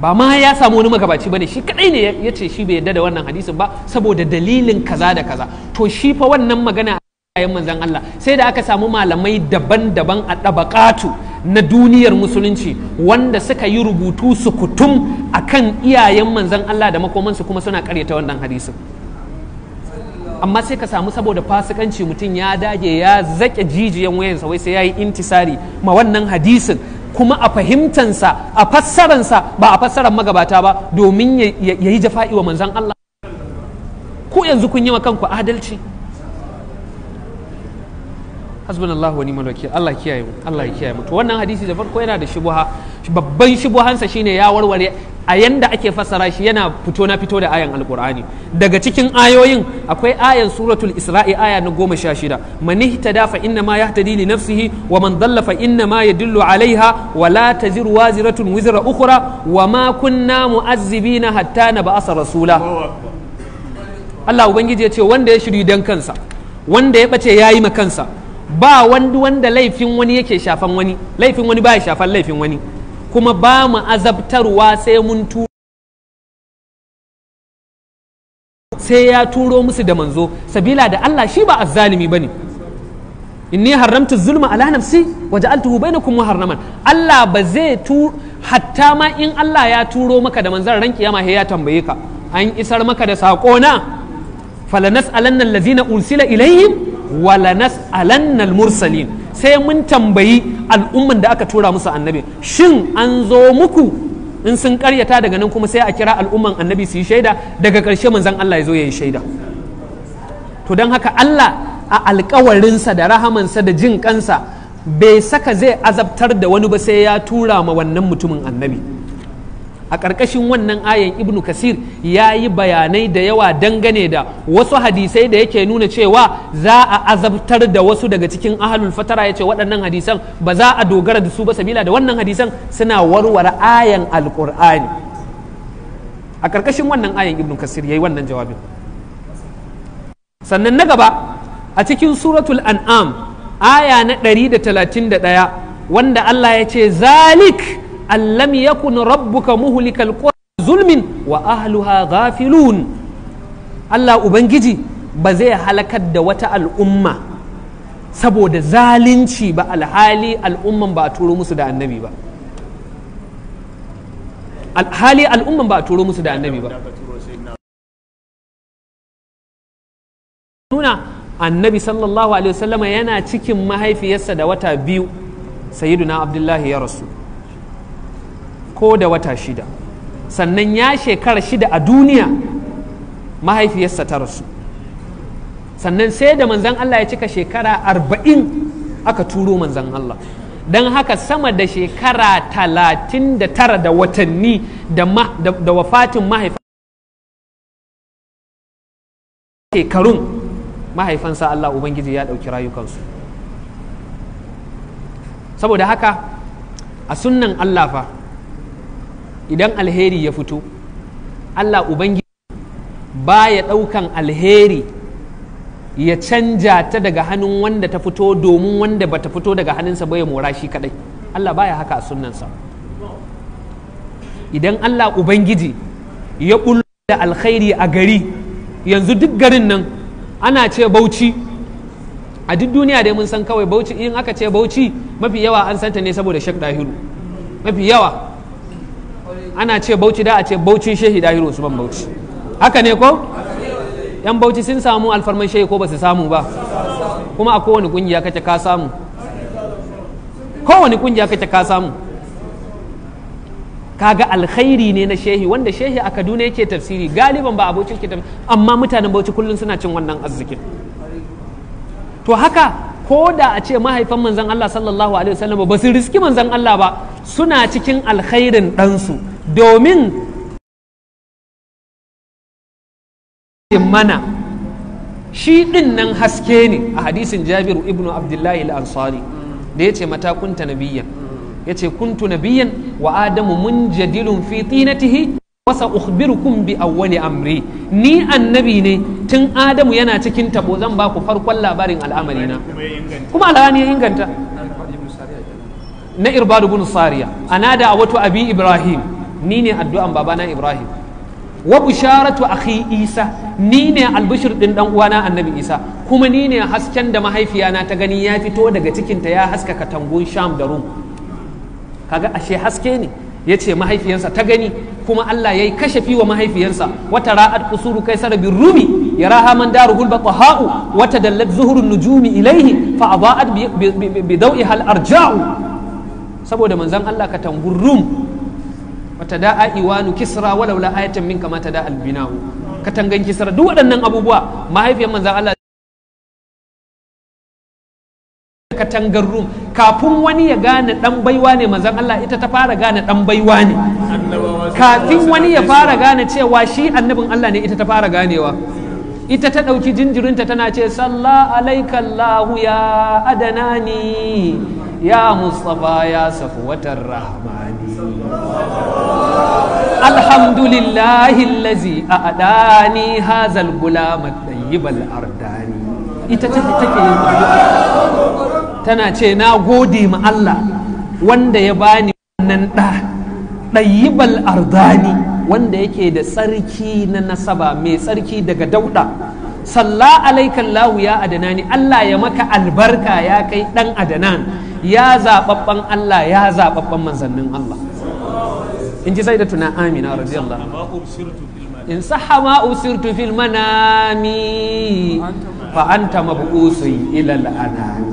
ba ma ya samu wani magabaci bane shi kadai ne ya ce shi bai yarda da wannan hadisin ba saboda dalilin kaza da kaza to shi fa wannan magana ayan manzan Allah sai da aka samu malamai daban-daban a ɗabaƙatu na duniyar musulunci wanda suka yi rubutu su kutum akan iyayen manzan Allah da makomansu kuma suna karyata wannan hadisin amma sai ka samu saboda fasikanci mutum ya dage ya zaƙe jijiyan wayansa wai sai ya yi intisari ma wannan hadisin kuma a fahimtansa a fassaransa ba a fassaran magabata ba domin ya yi jafa'i wa manzan Allah ko yanzu kun yi wa kanku adalci hasbun Allah wani ni'mal Allah kiyaye mu Allah ya kiyaye mu to wannan hadisi da farko yana da shubuha babban shubuhansa shine ya warware a yanda ake fassara shi yana fito na fito da ayan alkur'ani daga cikin ayoyin akwai ayan suratul isra'i aya na goma sha shida man da fa inna ma yahtadi li nafsihi wa man dalla fa inna ma yadullu alaiha wa la taziru waziratun wizra ukhra wa ma kunna mu'azzibina hatta nab'asa rasula Allah ubangiji ya ce wanda ya shiri dan kansa wanda ya bace yayi ma kansa ba wanda wanda laifin wani yake shafan wani laifin wani ba ya shafan laifin wani kuma ba mu azabtarwa sai mun turo sai ya turo musu da manzo sabila da Allah shi ba azzalimi bane inni haramtu zulma ala nafsi wa ja'altuhu bainakum muharraman Allah ba zai tu hatta ma in Allah ya turo maka da manzon ran kiyama ya tambaye ka an isar maka da sako na falanas alanna allazina ursila ilayhim walanas alannal mursalin sai mun tambayi al'umman da aka tura musu annabi shin an zo muku in sun karyata daga nan kuma sai a kira al'umman annabi su yi shaida daga ƙarshe manzon Allah ya zo ya yi shaida to don haka Allah a alkawarinsa da rahamansa da jin kansa bai saka zai azabtar da wani ba sai ya tura ma wannan mutumin annabi a ƙarƙashin wannan ayan ibnu kasir ya yi bayanai da yawa dangane da wasu hadisai da yake nuna cewa za a azabtar da wasu daga cikin ahalul fatara ya ce waɗannan hadisan ba za a dogara da su ba sabila da wannan hadisan suna warware ayan alƙur'ani a ƙarƙashin wannan ayan ibnu kasir ya yi wannan jawabin sannan na gaba a cikin suratul an'am aya na ɗaya wanda allah ya ce zalik allam yakun rabbuka muhlikal qura zulmin wa ahluha ghafilun Allah ubangiji ba zai halakar da wata al'umma saboda zalunci ba alhali al'umman ba a turo musu da annabi ba alhali al'umman ba a turo musu da annabi ba nuna annabi sallallahu alaihi wasallama yana cikin mahaifiyarsa da wata biyu sayyiduna abdullahi ya rasu ko da wata shida sannan ya shekara shida a duniya mahaifiyarsa ta rasu sannan sai da manzan Allah ya cika shekara arba'in aka turo manzan Allah don haka sama da shekara talatin da tara da watanni da wafatin shekarun mahaifansa Allah Ubangiji ya ɗauki rayukansu saboda haka a sunnan Allah fa idan alheri ya fito Allah Ubangiji ba ya ɗaukan alheri ya canja ta daga hannun wanda ta fito domin wanda bata fito daga hannunsa ba ya mora shi kadai Allah baya haka a sunnansa idan Allah Ubangiji ya bullo da alkhairi a gari yanzu duk garin nan ana ce bauchi a duk duniya dai mun san kawai bauchi in aka ce bauchi mafi yawa an santa ne saboda shek dahiru mafi yawa ana ce bauchi da a ce bauchi shehi dahiru usman bauchi haka ne ko yan bauchi sun samu alfarman shehi ko ba su samu ba kuma a kowane kungiya kake ka samu kowane kungiya kake ka samu kaga alkhairi ne na shehi wanda shehi a kaduna yake tafsiri galiban ba abokin ke tafsiri amma mutanen bauchi kullum suna cin wannan arzikin to haka ko da a ce mahaifan manzan Allah sallallahu alaihi wasallam ba su riski manzan Allah ba suna cikin alkhairin ɗansu domin mana shi ɗin nan haske ne a hadisin jabiru ibnu abdullahi al-ansari da ya ce mata kunta nabiyan ya ce kuntu nabiyan wa adamu mun jadilun fi tinatihi wasa ukhbirukum bi awwali amri ni annabi ne tun adamu yana cikin tabo zan ba ku farkon labarin al'amari na kuma alhani ya inganta na irbadu bin sariya ana da wato abi ibrahim ni ne addu'an babana ibrahim wa bisharatu akhi isa ni ne albishir din dan uwana annabi isa kuma ni ne hasken da mahaifiyana ta gani ya fito daga cikinta ya haskaka katangun sham da rum kaga ashe haske ne ya ce mahaifiyarsa ta gani kuma Allah ya yi kashafi wa mahaifiyansa wata ra'ad kusuru kai bin rumi ya raha man daru hulba taha'u wata dallat zuhurun nujumi ilaihi fa aba'at bi dau'i hal arja'u saboda manzon Allah ka tangun rum watada'a iwanu kisra walau la ayatan min kama da albina'u katangan kisra duk waɗannan abubuwa mahaifiyar manzan Allah katangar rum kafin wani ya gane dan baiwa ne manzon Allah ita ta fara gane dan baiwa ne kafin wani ya fara gane cewa shi annabin Allah ne ita ta fara ganewa ita ta ɗauki jinjirinta tana ce salla alaikallahu ya adanani ya Mustapha ya safuwatar rahmani alhamdulillahi lazi a adani hazal gulama ɗayyibal ardani ita take take yin tana ce na gode ma Allah wanda ya bani wannan ɗa ɗayyibal ardani wanda yake da tsarki na nasaba mai tsarki daga dauɗa salla alaikallahu ya adanani Allah ya maka albarka ya kai ɗan adanan ya zaɓaɓɓen Allah ya zaɓaɓɓen manzannin Allah in ji sai da tuna amina radiyallah in saha ma usirtu fil manami fa anta mabusun ila al'anami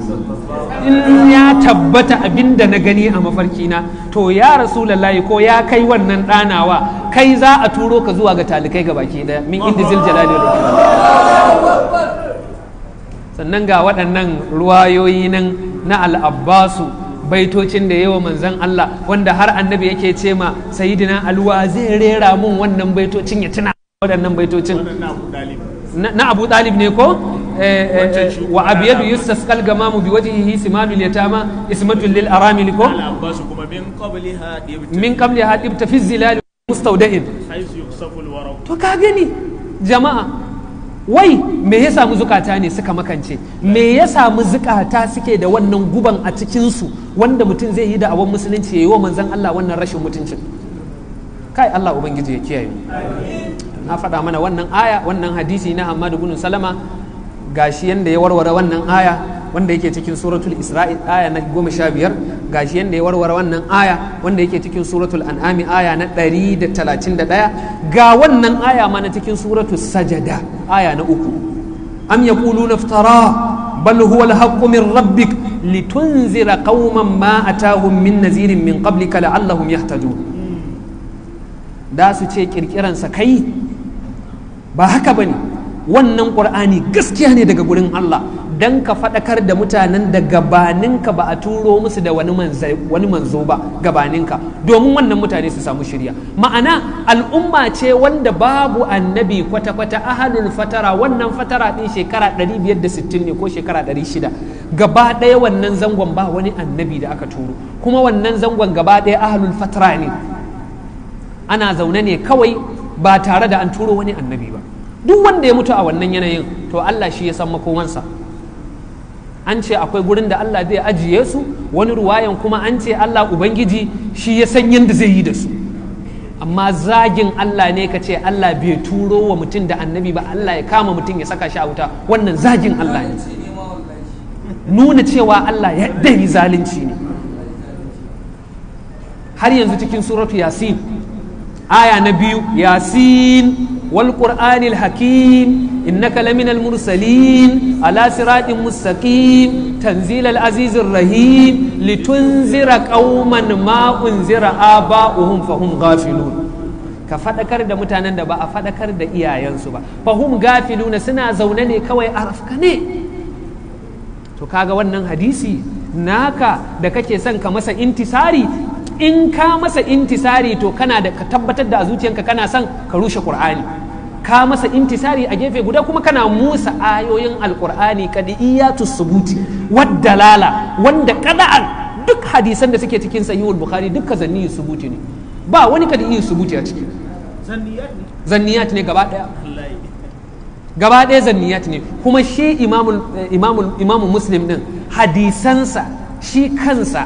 in ya tabbata abinda na gani a mafarkina to ya rasulullahi ko ya kai wannan ɗanawa kai za a turo ka zuwa ga talikai ga baki daya min inda zil jalali sannan ga waɗannan ruwayoyi nan na al'abbasu baitocin da yawa manzan Allah wanda har annabi yake ce ma sayidina alwa zai rera mun wannan baitocin ya tuna waɗannan baitocin na abu ɗalib ne ko eh, eh, eh, wa abiyadu yustas kalgama mu bi wajihi simanul yatama ismatul lil aramil ko min qabli ha ibta fi zilal mustawda'in to ka gani jama'a wai me ya samu zukata ne suka makance me ya samu zukata suke da wannan guban a cikinsu wanda mutum zai yi da awon musulunci ya yi wa manzan Allah wannan rashin mutuncin kai Allah ubangiji ya kiyaye na faɗa mana wannan aya wannan hadisi na ahmadu bin Salama gashi yanda ya warware wannan aya wanda yake cikin suratul isra'i aya na goma sha biyar gashi yadda ya warware wannan aya wanda yake cikin suratul an'ami aya na ɗari da talatin da ɗaya ga wannan aya ma na cikin suratul sajada aya na uku am yaquluna naftara. بل هو الحق من ربك لتنذر قوما ma أتاهم من nazirin min قبلك لعلهم يهتدون da su ce sa kai ba haka bane wannan ƙur'ani gaskiya ne daga gurin Allah don ka faɗakar da mutanen da gabaninka ba a turo musu da wani manzo ba gabaninka domin wannan mutane su samu shirya ma'ana al'umma ce wanda babu annabi kwata-kwata ahalul fatara wannan fatara ɗin shekara 560 ne ko shekara 600 gaba ɗaya wannan zangon ba wani annabi da aka turo kuma wannan zangon gaba ɗaya ahalul fatara ne ana zaune ne kawai ba tare da an turo wani annabi ba duk wanda ya mutu a wannan yanayin to Allah shi ya san makomansa an ce akwai gurin da Allah zai ajiye su wani ruwayan kuma an ce Allah ubangiji shi ya san yadda zai yi da su amma zagin Allah ne ka ce Allah bai turo wa mutum da annabi ba Allah ya kama mutum ya saka shi a wuta wannan zagin Allah ne nuna cewa Allah ya dai zalunci ne har yanzu cikin suratu yasin aya na biyu yasin wal qur'anil hakim innaka laminal mursali, ala siratin mustaqim tanzilal azizir rahim litunzira qauman ma unzira aba'uhum fahum ghafilun ka faɗakar da mutanen da ba a faɗakar da iyayensu ba fahum gafiluna suna zaune ne kawai a ne? to kaga wannan hadisi naka da kake son ka masa intisari in ka masa intisari to kana da ka tabbatar da a zuciyanka kana son ka rushe qur'ani ka masa intisari a gefe guda kuma kana musa ayoyin alkur'ani kadi iyatu subuti waddalala wanda kada'an duk hadisan da suke cikin sahihul bukhari dukka zanni subuti ne ba wani kadi iya subuti a ciki zanniyat ne gaba daya gaba daya zanniyat ne kuma shi imamun eh, musulmin imamu muslim din hadisansa shi kansa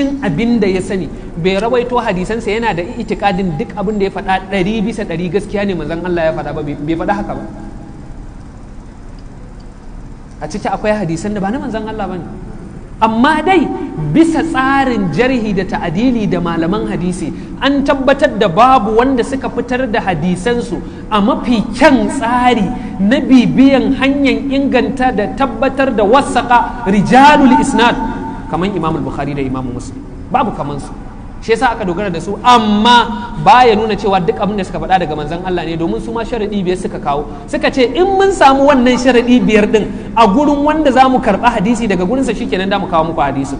cikin abin da ya sani bai rawaito hadisansa yana da itikadin duk abin da ya faɗa ɗari bisa ɗari gaskiya ne manzon Allah ya faɗa ba bai faɗa haka ba a ciki akwai hadisan da ba na manzon Allah ba ne amma dai bisa tsarin jarhi da ta'adili da malaman hadisi an tabbatar da babu wanda suka fitar da hadisansu a mafi kyan tsari na bibiyan hanyar inganta da tabbatar da wasaka rijalul isnad kaman imam bukhari da imam muslim babu kamar su shi yasa aka dogara da su amma baya nuna cewa duk abin da suka faɗa daga manzon Allah ne domin su ma sharadi biyar suka kawo suka ce in mun samu wannan sharadi biyar din a gurin wanda zamu karba hadisi daga gurin sa shikenan da mu kawo muku hadisi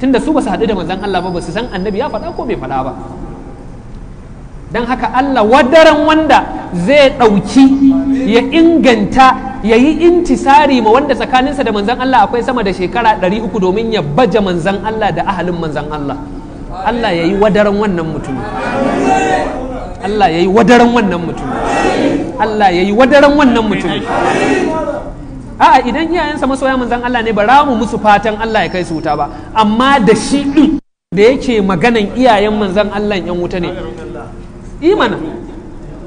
tunda su ba su haɗu da manzon Allah ba ba su san annabi ya faɗa ko bai faɗa ba dan haka Allah wadaran wanda zai ɗauki ya inganta yayi intisari ma wanda tsakaninsa da manzan Allah akwai sama da shekara 300 domin ya baje manzan Allah da ahalin manzan Allah Allah yi wadaran wannan mutum Allah yi wadaran wannan mutum Allah yi wadaran wannan mutum a'a idan iyayensa masoya manzan Allah ne ba ramu musu fatan Allah ya kai su wuta ba amma da shi din da yake maganan iyayen manzan Allah yan wuta ne imana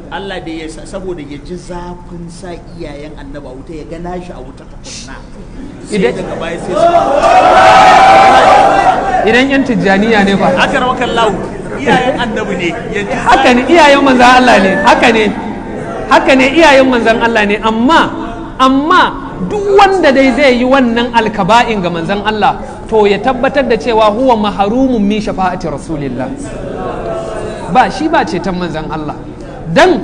Allah da ya saboda ya ji zafin sa iyayen annaba wuta ya gana shi a wuta tukunna idan daga baya sai su idan yan tijjaniya ne ba akar wakan lawu iyayen annabi ne haka ne iyayen manzan Allah ne haka ne haka ne iyayen manzan Allah ne amma amma duk wanda dai zai yi wannan alkaba'in ga manzan Allah to ya tabbatar da cewa huwa maharumun min shafa'ati rasulillah ba shi ba ce ta manzan Allah dan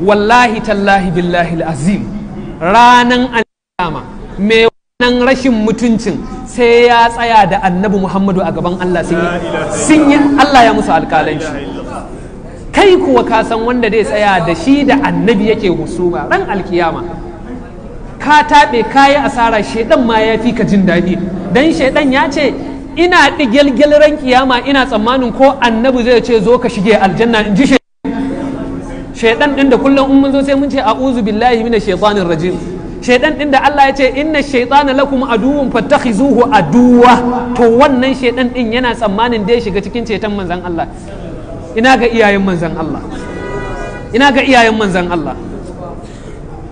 wallahi tallahi billahi azim ranan alkiyama me wannan rashin mutuncin sai ya tsaya da annabi muhammadu a gaban allah sun yi allah ya musu alkalanci kai kuwa ka san wanda zai tsaya da shi da annabi yake husuma ran alkiyama ka taɓe ka yi asara shaidan ma ya fi ka jin daɗi dan shaidan ya ce ina ɗigyalgyal ran kiyama ina tsammanin ko annabi zai ce zo ka shige aljanna in ji shi. shaidan din da kullum in mun zo sai mun ce a'udhu billahi minash shaitanir rajim shaidan din da Allah ya ce inna shaitana lakum aduwwun fattakhizuhu aduwa to wannan shaidan din yana tsammanin da ya shiga cikin ceton manzon Allah ina ga iyayen manzon Allah ina ga iyayen manzon Allah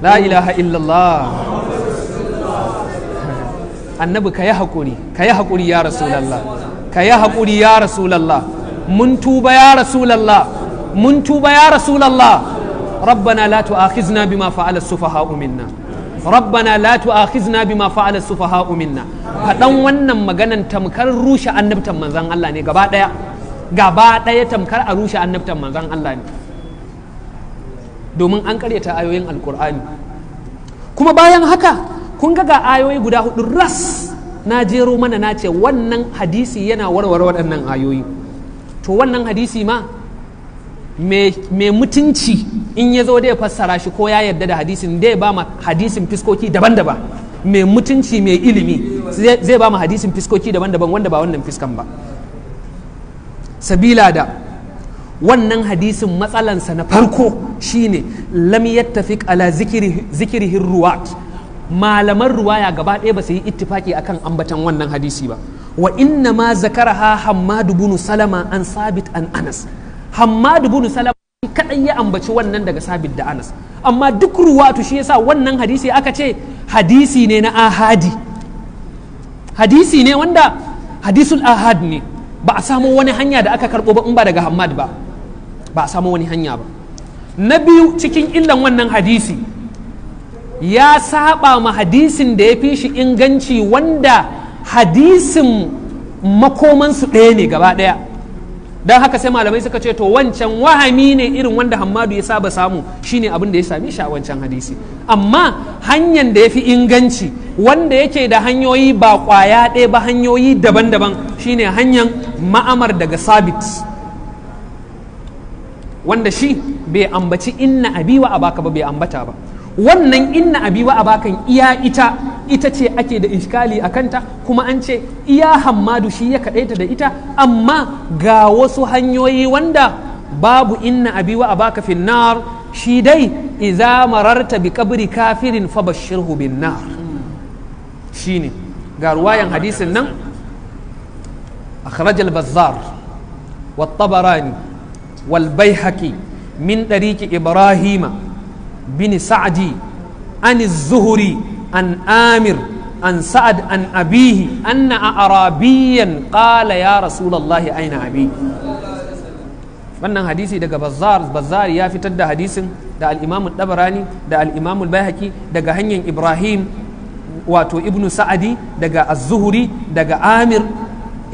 la ilaha illallah annabi ka yi haƙuri ka yi haƙuri ya rasulallah ka yi haƙuri ya rasulallah mun tuba ya rasulallah mun tuba ya rasulallah rabbana la tu'akhizna bima fa'ala as-sufaha'u minna rabbana la tu'akhizna bima fa'ala as-sufaha'u minna wannan maganan tamkar rushe annabtan manzon Allah ne gaba daya gaba daya tamkar a rushe annabtan manzon Allah ne domin an karyata ayoyin alkur'ani kuma bayan haka kun ga ga ayoyi guda hudu ras na jero mana na ce wannan hadisi yana warware waɗannan ayoyi to wannan hadisi ma mai mutunci in ya zo da ya fassara shi ko ya yarda da hadisin dai ba ma hadisin fiskoki daban-daban mai mutunci mai ilimi zai ba ma hadisin fiskoki daban-daban wanda ba wannan fiskan ba sabila da wannan hadisin matsalansa na farko shine lam yattafiq ala zikirihin ruwat malaman ruwaya gaba ɗaya ba su yi ittifaki akan ambatan wannan hadisi ba wa inna ma zakaraha hammadu bunu salama an sabit an anas hammadu bin salama kadan ya ambaci wannan daga sabit da anas amma duk ruwatu shi yasa wannan hadisi aka ce hadisi ne na ahadi hadisi ne wanda hadisul ahad ne ba a samu wani hanya da aka karbo ba in ba daga hammad ba ba a samu wani hanya ba na biyu cikin illan wannan hadisi ya saba ma hadisin da ya fi shi inganci wanda hadisin makomansu ɗaya ne gaba ɗaya don haka sai malamai suka ce to wancan wahami ne irin wanda hammadu ya saba samu shine abin da ya sami shi a wancan hadisi amma hanyar da ya fi inganci wanda yake da hanyoyi ba kwaya ɗaya ba hanyoyi daban-daban shine hanyar ma'amar daga sabit wanda shi bai ambaci inna abi wa abaka ba bai ambata ba wannan inna abi wa abakan iya ita ita ce ake da iskali a kanta kuma an ce iya hammadu shi ya kaɗaita da ita amma ga wasu hanyoyi wanda babu inna abi wa abaka finnar shi dai iza mararta bi kabri kafirin fa bashirhu bin nar shine ga ruwayan hadisin nan akhrajal bazzar wa tabarani wal baihaqi min ɗariki ibrahima bin sa'adi an zuhuri an amir an sa'ad an abihi anna arabiyan qala ya rasulullahi aina abi wannan hadisi daga bazzar bazzar ya fitar da hadisin da al-imamu dabarani da al-imamu bayhaqi daga hanyar ibrahim wato ibnu sa'adi daga az-zuhri daga amir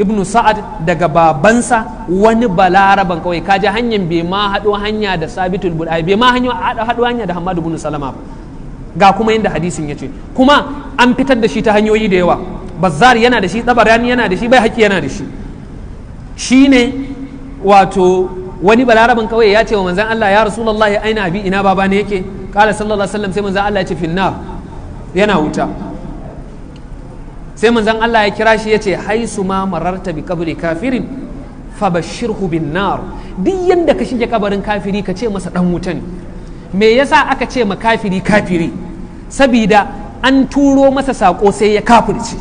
ibnu sa'ad daga babansa wani balaraban kawai kaji hanyar bai ma haɗo hanya da sabitul budai bai ma haɗo hanya da hamadu bin salama ba. ga kuma yadda hadisin ya ce kuma an fitar da shi ta hanyoyi da yawa bazzar yana da shi tsabarani yana da shi bai haƙi yana da shi shi ne wato wani balaraban kawai ya ce wa manzan Allah ya rasulullahi aina bi ina baba ne yake kala sallallahu alaihi wasallam sai manzan Allah ya ce finna yana wuta sai manzon Allah ya kira shi ya ce haisu ma mararta bi kabri kafirin fabashirhu bin nar duk yanda ka shige kabarin kafiri ka ce masa dan wuta ne me yasa aka ce ma kafiri kafiri sabida an turo masa sako sai ya kafirce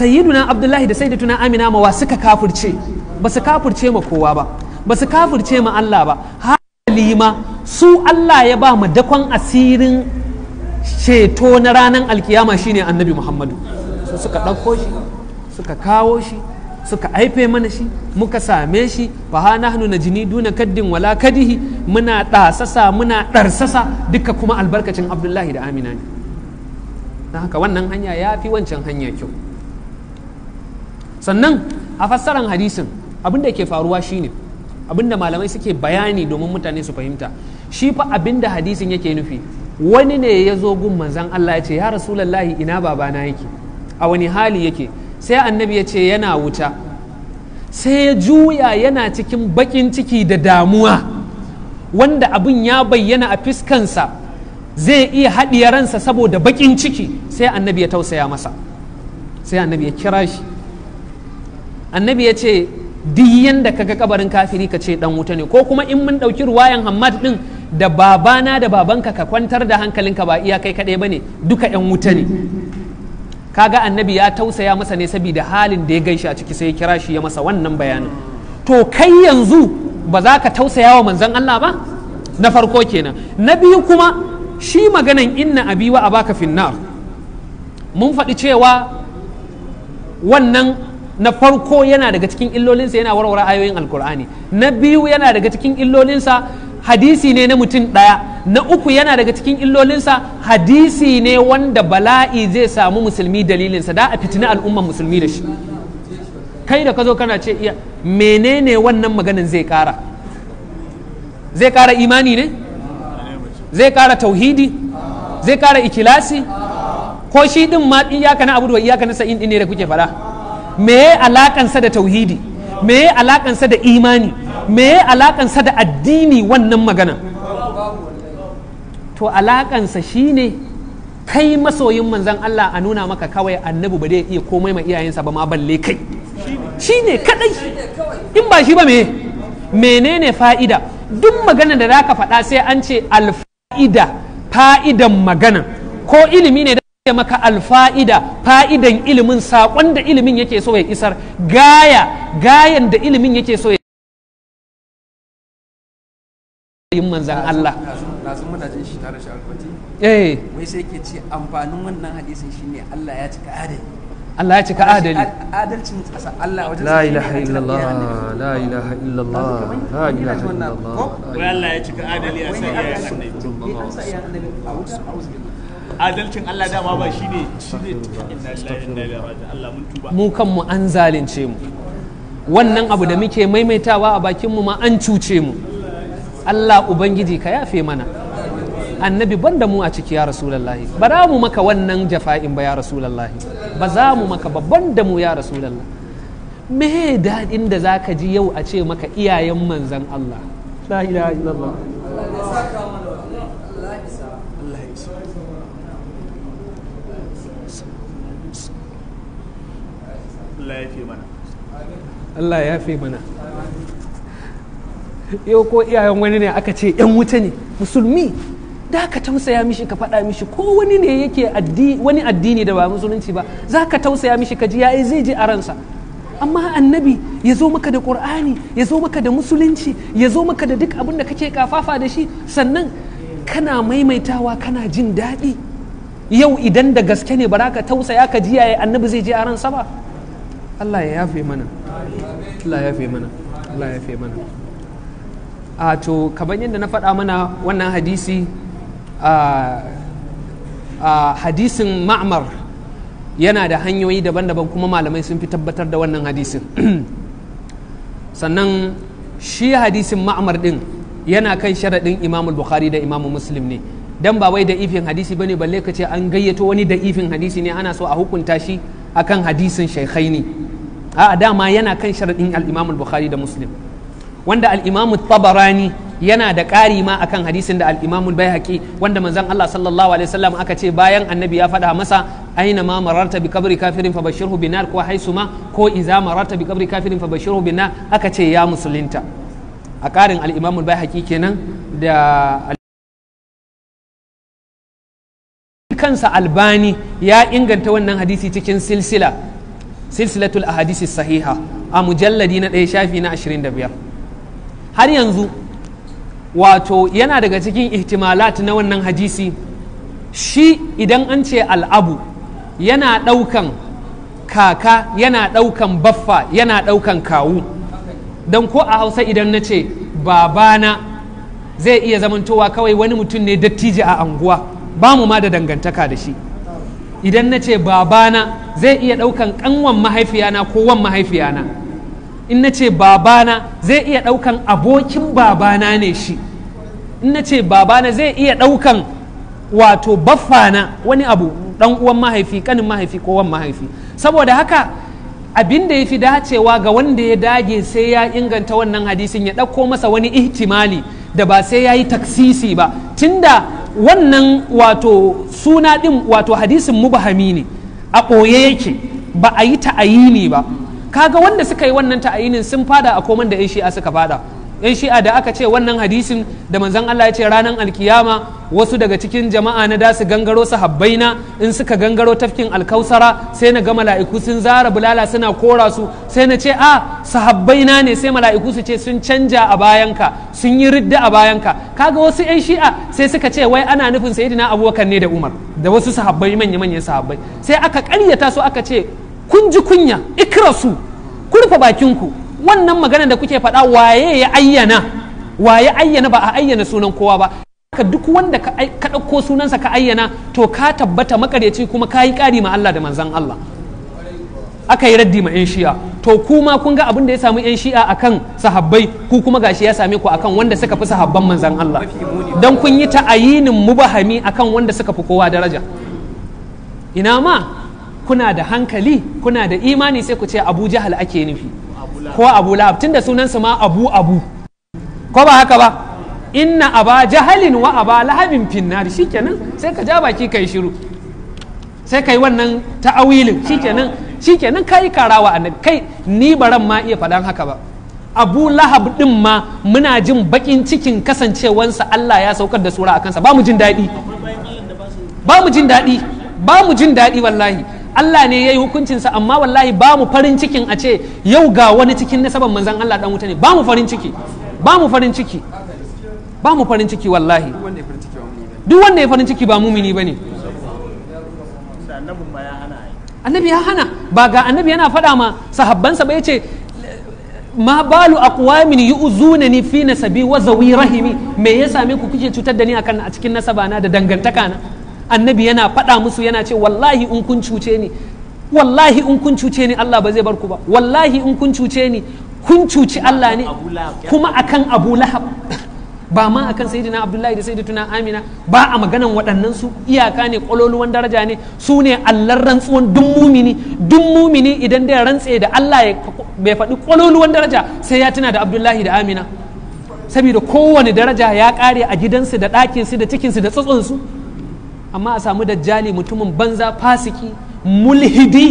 sayyiduna abdullahi da tuna amina ma wa suka kafirce ba su kafirce ma kowa ba ba su kafirce ma Allah ba halima su Allah ya ba ma dakon asirin ceto na ranar alkiyama shine annabi muhammadu su suka ɗauko shi suka kawo shi suka haife mana shi muka same shi fa ha nahnu najini duna kaddin wala kadihi muna ɗasasa muna ɗarsasa duka kuma albarkacin abdullahi da amina ne don haka wannan hanya ya fi wancan hanya kyau sannan a fassaran hadisin abin da ke faruwa shine abin da malamai suke bayani domin mutane su fahimta shi fa abin da hadisin yake nufi wani ne ya zo gun manzan Allah ya ce ya rasulallahi ina babana yake a wani hali yake sai annabi ya ce yana wuta sai ya juya yana cikin bakin ciki da damuwa wanda abin ya bayyana a fiskansa zai iya haɗiye ransa saboda bakin ciki sai annabi ya tausaya masa sai annabi ya kira shi annabi ya ce duk yanda kaga kabarin kafiri ka ce dan wuta ne ko kuma in mun ɗauki ruwayan hammad din da babana da babanka ka kwantar da hankalinka ba iya kai kaɗai ba ne duka 'yan wuta ne kaga annabi ya tausaya masa ne saboda halin da ya gaishe a ciki sai ya kira shi ya masa wannan bayanin to kai yanzu ba za ka tausaya wa manzon Allah ba na farko kenan na biyu kuma shi maganan inna abi wa abaka finnar mun faɗi cewa wannan na farko yana daga cikin illolinsa yana warware ayoyin alkur'ani na biyu yana daga cikin illolinsa hadisi ne na mutum ɗaya na uku yana daga cikin illolinsa hadisi ne wanda bala'i zai samu musulmi dalilinsa da a fitina al'umman musulmi da shi kai da ka zo kana ce iya menene wannan maganin zai kara zai kara imani ne zai kara tauhidi zai kara ikilasi ko shi din ma iyaka na abu da iyaka na sa'in ne da kuke fara me alakansa da tauhidi me alakansa da imani me ya alakansa da addini wannan magana to alakansa shine kai masoyin manzan Allah a nuna maka kawai annabi ba zai iya komai ma iyayensa ba ma balle kai shine kadai in ba shi ba me menene fa'ida duk magana da zaka faɗa sai an ce alfa'ida fa'idan magana ko ilimi ne da ya maka alfa'ida fa'idan ilimin saƙon da ilimin yake so ya isar gaya gayan da ilimin yake so ya yin manzan Allah lazim muna jin shi tare shi alkwati eh wai sai ke ce amfanin wannan hadisin shi ne Allah ya cika adali Allah ya cika adali adalcin ƙasa Allah wajen la ilaha illallah la ilaha illallah la ilaha illallah wai Allah ya cika adali a sai ya annabi adalcin Allah dama ba shi ne inna lillahi inna ilaihi raji'un Allah mun tuba mu kanmu an zalunce mu wannan abu da muke maimaitawa a bakinmu ma an cuce mu Allah ubangiji ka yafe mana annabi ban da mu a ciki ya rasulullahi ba za mu maka wannan jafa'in ba ya rasulullahi ba za mu maka ba ban da mu ya rasulallah me daɗin da za ka ji yau a ce maka iyayen manzan Allah Allah Allah ya fi mana yau ko iyayen wani ne aka ce yan wuta ne musulmi da ka tausaya mishi ka faɗa mishi ko wani ne yake wani addini da ba musulunci ba za ka tausaya mishi ka ji yayi zai ji a ransa amma annabi ya zo maka da ƙur'ani ya zo maka da musulunci ya zo maka da duk abin da kake kafafa da shi sannan kana maimaitawa kana jin daɗi yau idan da gaske ne ba ka tausaya ka ji yayi annabi zai ji a ransa ba Allah ya yafe mana Allah ya yafe mana Allah ya yafe mana a to kamar yadda na faɗa mana wannan hadisi a hadisin ma'amar yana da hanyoyi daban-daban kuma malamai sun fi tabbatar da wannan hadisin <clears throat> sannan shi hadisin ma'amar ɗin yana kan sharaɗin imamul bukhari da imamu muslim ne dan ba wai da ifin hadisi bane balle ka ce an gayyato wani da ifin hadisi ne ana so a hukunta shi akan hadisin shaikhaini a dama yana kan sharaɗin al bukhari da Muslim wanda alimamu tabarani yana da ƙari ma akan hadisin da al bai bayhaqi wanda manzon Allah sallallahu alaihi wasallam aka ce bayan annabi ya faɗa masa aina ma mararta bi kabri kafirin fa bashirhu binar ko haisuma ko iza mararta bi kabri kafirin fa bashirhu binar aka ce ya musulunta a ƙarin al bai bayhaqi kenan da kansa albani ya inganta wannan hadisi cikin silsila silsilatul ahadisi sahiha a mujalladi na ɗaya shafi na 25 har yanzu wato yana daga cikin ihtimalat na wannan hadisi shi idan an ce al'abu yana ɗaukan kaka yana ɗaukan baffa yana ɗaukan kawu don ko a hausa idan na ce babana zai iya zamantowa kawai wani mutum ne dattijo a anguwa ba mu ma da dangantaka da shi idan na ce babana zai iya ɗaukan ƙanwan mahaifiyana ko wan mahaifiyana in na ce babana zai iya ɗaukan abokin babana ne shi in na ce babana zai iya ɗaukan wato baffana wani abu ɗan uwan mahaifi ƙanin mahaifi ko wan mahaifi saboda haka abin da ya fi dacewa ga wanda ya dage sai ya inganta wannan hadisin ya ɗauko masa wani ihtimali da ba sai ya yi taksisi ba tunda wannan wato suna ɗin wato hadisin mubahami ne a ɓoye yake ba a yi ta'ayini ba kaga wanda suka yi wannan ta'ayinin sun fada a koman da 'yan shi'a suka fada 'yan shi'a da aka ce wannan hadisin da manzon Allah ya ce ranar alkiyama wasu daga cikin jama'a na dasu gangaro su habbaina in suka gangaro tafkin alkausara sai na ga mala'iku sun zara bulala suna kora su sai na ce a ah, su habbaina ne sai mala'iku su ce sun canja a bayanka sun yi ridda a bayanka kaga wasu 'yan shi'a sai suka ce wai ana nufin sayyidina abubakar ne da umar da wasu sahabbai manya manyan sahabbai sai aka karyata su aka ce kun ji kunya ikrasu ku rufe bakinku wannan magana da kuke faɗa waye ya ayyana waye ayyana ba a ayyana sunan kowa ba haka duk wanda ka ɗauko sunansa ka ayyana to ka tabbata makaryaci kuma ka yi ƙari ma Allah da manzan Allah aka yi raddi ma 'yan shi'a to kuma kun ga abin da ya samu 'yan shi'a akan sahabbai ku kuma gashi ya same ku akan wanda suka fi sahabban manzan Allah don kun yi ta'ayinin mubahami akan wanda suka fi kowa daraja ina ma kuna da hankali kuna da imani sai ku ce abu jahal ake nufi ko abu lahab tunda sunansa ma abu abu ko ba haka ba inna aba jahalin wa aba lahabin finnar shikenan sai ka ja baki kai shiru sai kai wannan ta'awilin shikenan shikenan kai karawa annabi kai ni baran ma iya faɗan haka ba abu lahab din ma muna jin bakin cikin kasancewansa Allah ya saukar da sura a kansa ba mu jin daɗi ba mu jin daɗi ba mu jin daɗi wallahi Allah ne yayi hukuncinsa amma wallahi ba mu farin cikin a ce yau ga wani cikin nasaban manzan Allah dan wuta ne ba mu farin ciki ba mu farin ciki ba mu farin ciki wallahi duk wanda ya farin ciki ba mumini bane annabi ya hana ba ga annabi yana fada ma sahabbansa ba yace ma balu aqwamin yu'zunani fi nasabi wa zawi rahimi me ya same ku kuke cutar da ni akan a cikin nasaba na da dangantaka na annabi yana faɗa musu yana ce wallahi in kun cuce ni wallahi in kun cuce ni Allah ba zai bar ku ba wallahi in kun cuce ni kun cuci Allah ne kuma akan Abu Lahab <laughs> ba ma akan sayyidina Abdullahi da sayyidatuna Amina ba a maganan waɗannan su iyaka ne kololuwan daraja ne su ne allar rantsuwan duk mumini duk mumini idan da rantse da Allah bai faɗi kololuwan daraja sai ya tuna da Abdullahi da Amina saboda kowane daraja ya ƙare a gidansu da ɗakinsu da cikinsu da tsotsonsu amma a samu dajjali mutumin banza fasiki mulhidi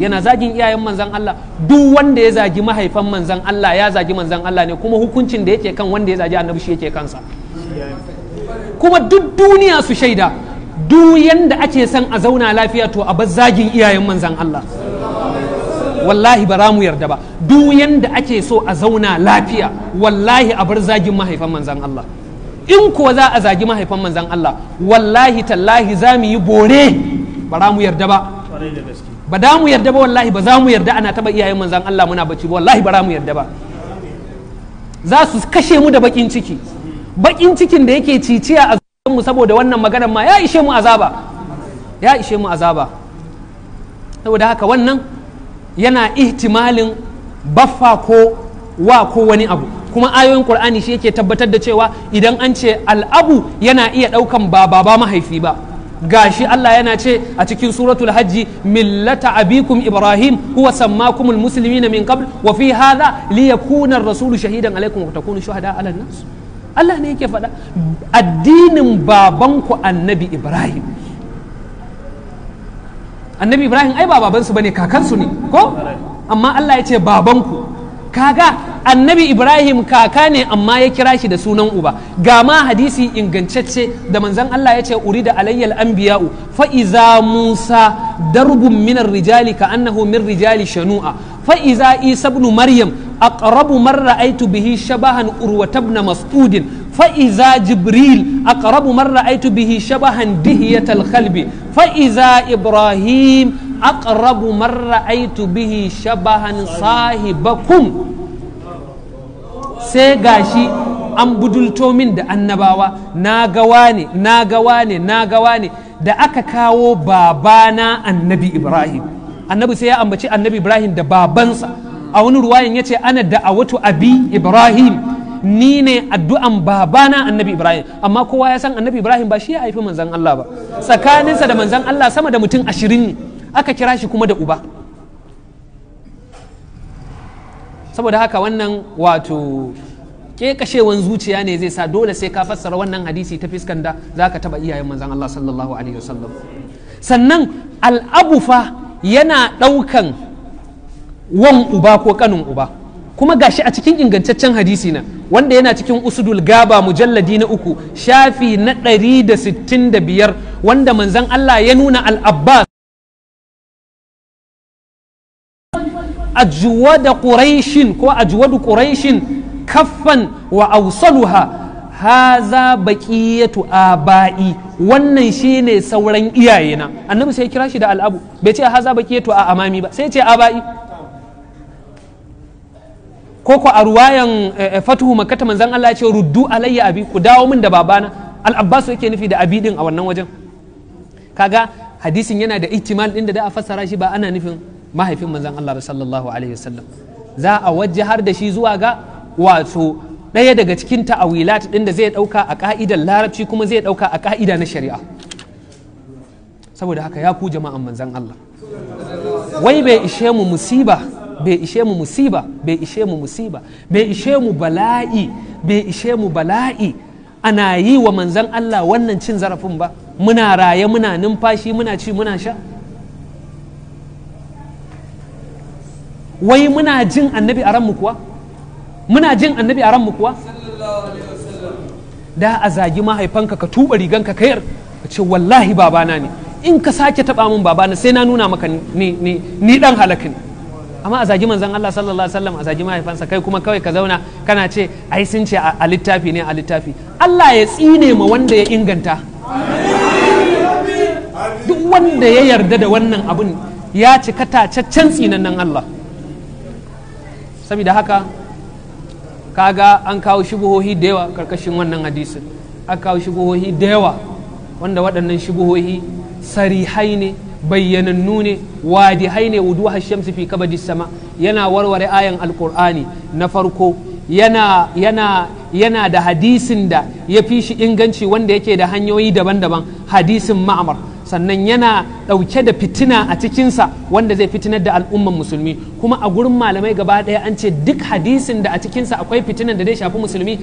yana zagin iyayen manzan Allah duk wanda ya zagi mahaifan manzan Allah ya zagi manzan Allah ne kuma hukuncin da yake kan wanda ya zagi annabi shi yake kansa kuma duk duniya su shaida duk yanda ake son a zauna lafiya to a bar zagin iyayen manzan Allah wallahi ba ramu mu yarda ba duk yanda ake so a zauna lafiya wallahi a bar zagin mahaifan manzan Allah in kuwa za a zagi mahaifan manzan Allah wallahi tallahi za mu yi bore ba za mu yarda ba ba za mu yarda ba wallahi ba za mu yarda ana taba iyayen manzan Allah muna bacci ba wallahi ba za mu yarda ba za su kashe mu da bakin ciki bakin cikin da yake ciciya a mu saboda wannan maganar ma ya ishe mu azaba ya ishe mu azaba saboda haka wannan yana ihtimalin baffa ko wa ko wani abu kuma ayoyin qur'ani shi yake tabbatar da cewa idan an ce al'abu yana iya ɗaukan ba baba mahaifi ba gashi Allah yana ce a cikin suratul hajji millata abikum ibrahim huwa sammakumul muslimina min qabl wa fi hadha liyakuna ar-rasulu shahidan wa takunu shuhada ala nas Allah ne yake faɗa addinin babanku annabi ibrahim annabi ibrahim ai ba babansu bane kakansu ne ko amma Allah ya ce babanku kaga annabi ibrahim kaka ne amma ya kira shi da sunan uba ga ma hadisi ingantacce da manzon allah ya ce da alayyal anbiya'u fa iza musa darbun minar rijali ka annahu min rijali shanu'a fa iza isa ibn maryam aqrabu man ra'aytu bihi shabahan urwata ibn mas'ud fa iza jibril aqrabu man ra'aytu bihi shabahan dihiyatal khalbi fa iza ibrahim aqrabu man ra'aytu bihi shabahan sahibakum sai gashi an budulto min da annabawa na gawa ne na gawa ne na gawa ne da aka kawo babana annabi ibrahim annabi sai ya ambaci annabi ibrahim da babansa a wani ruwayin ya ce ana da wato abi ibrahim ni ne addu'an babana annabi ibrahim amma kowa ya san annabi ibrahim ba shi ya haifi manzan allah ba tsakaninsa da manzan allah sama da mutum ashirin ne aka kira shi kuma da uba saboda haka wannan wato kashewan zuciya ne zai sa dole sai ka fassara wannan hadisi ta fiskan da za ka taɓa iyayen manzan Allah sallallahu alaihi wasallam sannan al'abu yana ɗaukan wan uba ko kanin uba kuma ga shi a cikin ingantaccen hadisi na wanda yana cikin usudul gaba mujalladi na uku shafi na ɗari da sittin da biyar wanda manzan Allah ya nuna al'abbas ajwada quraishin ko ajwadu quraishin kaffan wa awsaluha haza baqiyatu aba'i wannan ne sauran iyayena annabi sai kira shi da al'abu bai ce haza baqiyatu a amami ba sai ce aba'i ko ko a ruwayan fatuhu makkata manzon Allah ya ce ruddu alayya abi ku dawo min da babana al yake nufi da abi din a wannan wajen kaga hadisin yana da ihtimal din da da a fassara shi ba ana nufin mahaifin manzan Allah sallallahu alaihi wasallam za a har da shi zuwa ga wato ɗaya daga cikin ta'awilat ɗin da zai ɗauka a ka'idar larabci kuma zai ɗauka a ka'ida na shari'a saboda haka ya ku jama'an manzan Allah wai bai ishe mu musiba bai ishe mu musiba bai ishe mu musiba bai ishe mu bala'i bai ishe mu bala'i ana yi wa manzan Allah wannan cin zarafin ba muna raye muna numfashi muna ci muna sha wai muna jin annabi a ranmu kuwa muna jin annabi a ranmu kuwa da a zagi mahaifanka ka tuba riganka ka yar ce wallahi babana ne in ka sake taba min babana sai na nuna maka ni ni ni dan halakin amma a zagi manzon Allah sallallahu alaihi wasallam a zagi mahaifansa kai kuma kawai ka zauna kana ce ai sun ce a littafi ne a littafi Allah ya tsine ma wanda ya inganta duk wanda ya yarda da wannan abun ya cika tsinan nan Allah saboda haka kaga an kawo shubuhohi da yawa karkashin wannan hadisin an kawo shubuhohi da yawa wanda waɗannan shubuhohi sarihai ne bayyanan nune wadihai ne wudu shamsi fi kabadi sama yana warware ayan alkur'ani na farko yana yana da hadisin da ya fi shi inganci wanda yake da hanyoyi daban-daban hadisin ma'amar sannan yana ɗauke da fitina a cikinsa wanda zai fitinar da al'umman musulmi kuma a gurin malamai gaba ɗaya an ce duk hadisin da a cikinsa akwai fitinan da zai shafi musulmi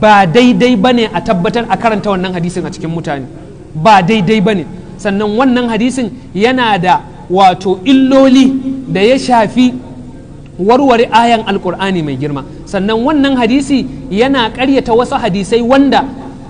ba daidai ba ne a tabbatar a karanta wannan hadisin a cikin mutane ba daidai ba ne sannan wannan hadisin yana da wato illoli da ya shafi warware ayan alkur'ani mai girma sannan wannan hadisi yana karyata wasu hadisai wanda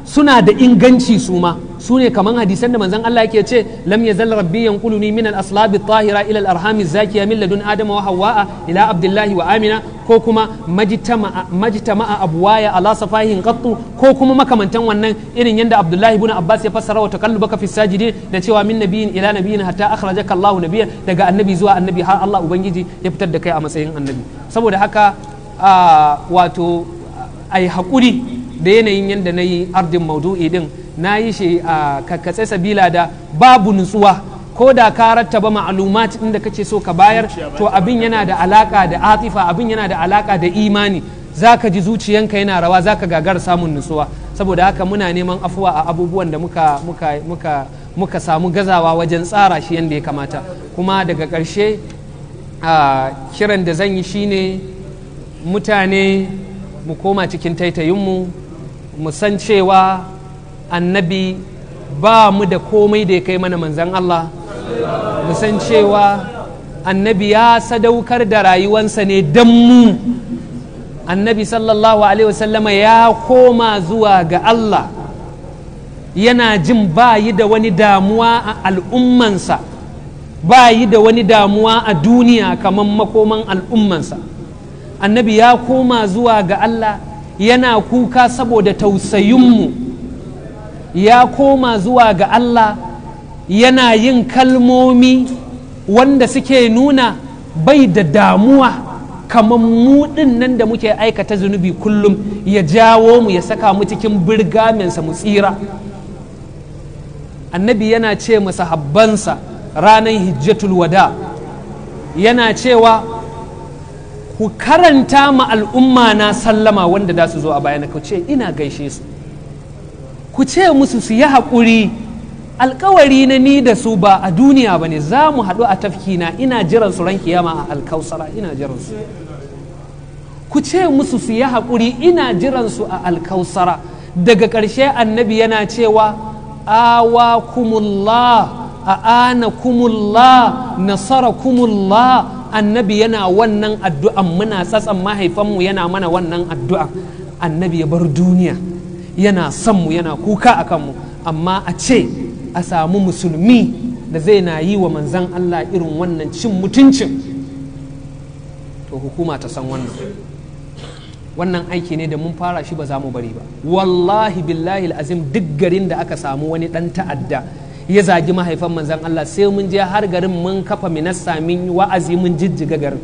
suna da inganci su ma su ne kamar hadisan da manzon Allah yake ce lam yazal rabbi yanquluni min al-aslab tahira ila al-arham zakiya min ladun adama wa hawa'a ila abdullahi wa amina ko kuma majtama'a majtama'a abwaya ala safahin qattu ko kuma makamantan wannan irin yanda abdullahi ibn abbas ya fassara wa takallubaka fi sajidin da cewa min nabiyin ila nabiyin hatta akhrajaka Allah nabiyyan daga annabi zuwa annabi har Allah ubangiji ya fitar da kai a matsayin annabi saboda haka wato ai hakuri da yanayin yanda na yi ardin maudu'i din na yi shi a kakatse sabila da babu nutsuwa ko da ka rattaba ma'alumat inda kace so ka bayar to abin yana da alaka da atifa abin yana da alaka da imani zaka ji zuciyanka yana rawa zaka gagar samun nutsuwa saboda haka muna neman afuwa a abubuwan da muka samu gazawa wajen tsara shi yadda ya kamata kuma daga ƙarshe kiran da zan yi shine mutane mu koma cikin taitayinmu mu san cewa annabi ba mu da komai da ya kai mana manzan Allah musan cewa annabi ya sadaukar da rayuwansa ne don mu annabi sallallahu alaihi wasallama ya koma zuwa ga Allah yana jin ba yi da wani damuwa a al'ummansa Ba yi da wani damuwa a duniya kamar makoman al'ummansa annabi ya koma zuwa ga Allah yana kuka saboda tausayinmu ya koma zuwa ga Allah yana yin kalmomi wanda suke nuna bai da damuwa kamar mu nan da muke aikata zunubi kullum ya jawo mu ya saka mu cikin birgaminsa mu tsira annabi yana ce masa habbansa ranar hijjatul wada yana cewa ku karanta ma al'umma na sallama wanda da su zo a bayan ka ce ina gaishe su ku ce musu su yi haƙuri alkawari na ni da su ba a duniya ba ne za mu haɗu a tafkina ina jiran su ran kiyama a alkausara ina jiran su ku ce musu su yi haƙuri ina jiran su a alkausara daga ƙarshe annabi yana cewa awa kumullah a ana kumullah nasara kumullah annabi yana wannan addu'an muna tsatsan mahaifanmu yana mana wannan addu'an annabi ya bar duniya yana son mu yana kuka a kanmu amma a ce a samu musulmi da zai na yi wa manzan Allah irin wannan cin mutuncin to hukuma ta san wannan wannan aiki ne da mun fara shi ba za mu bari ba wallahi billahi azim duk garin da aka samu wani dan ta'adda ya zagi mahaifan manzan Allah sai mun je har garin mun kafa minassa min wa'azi mun jijjiga garin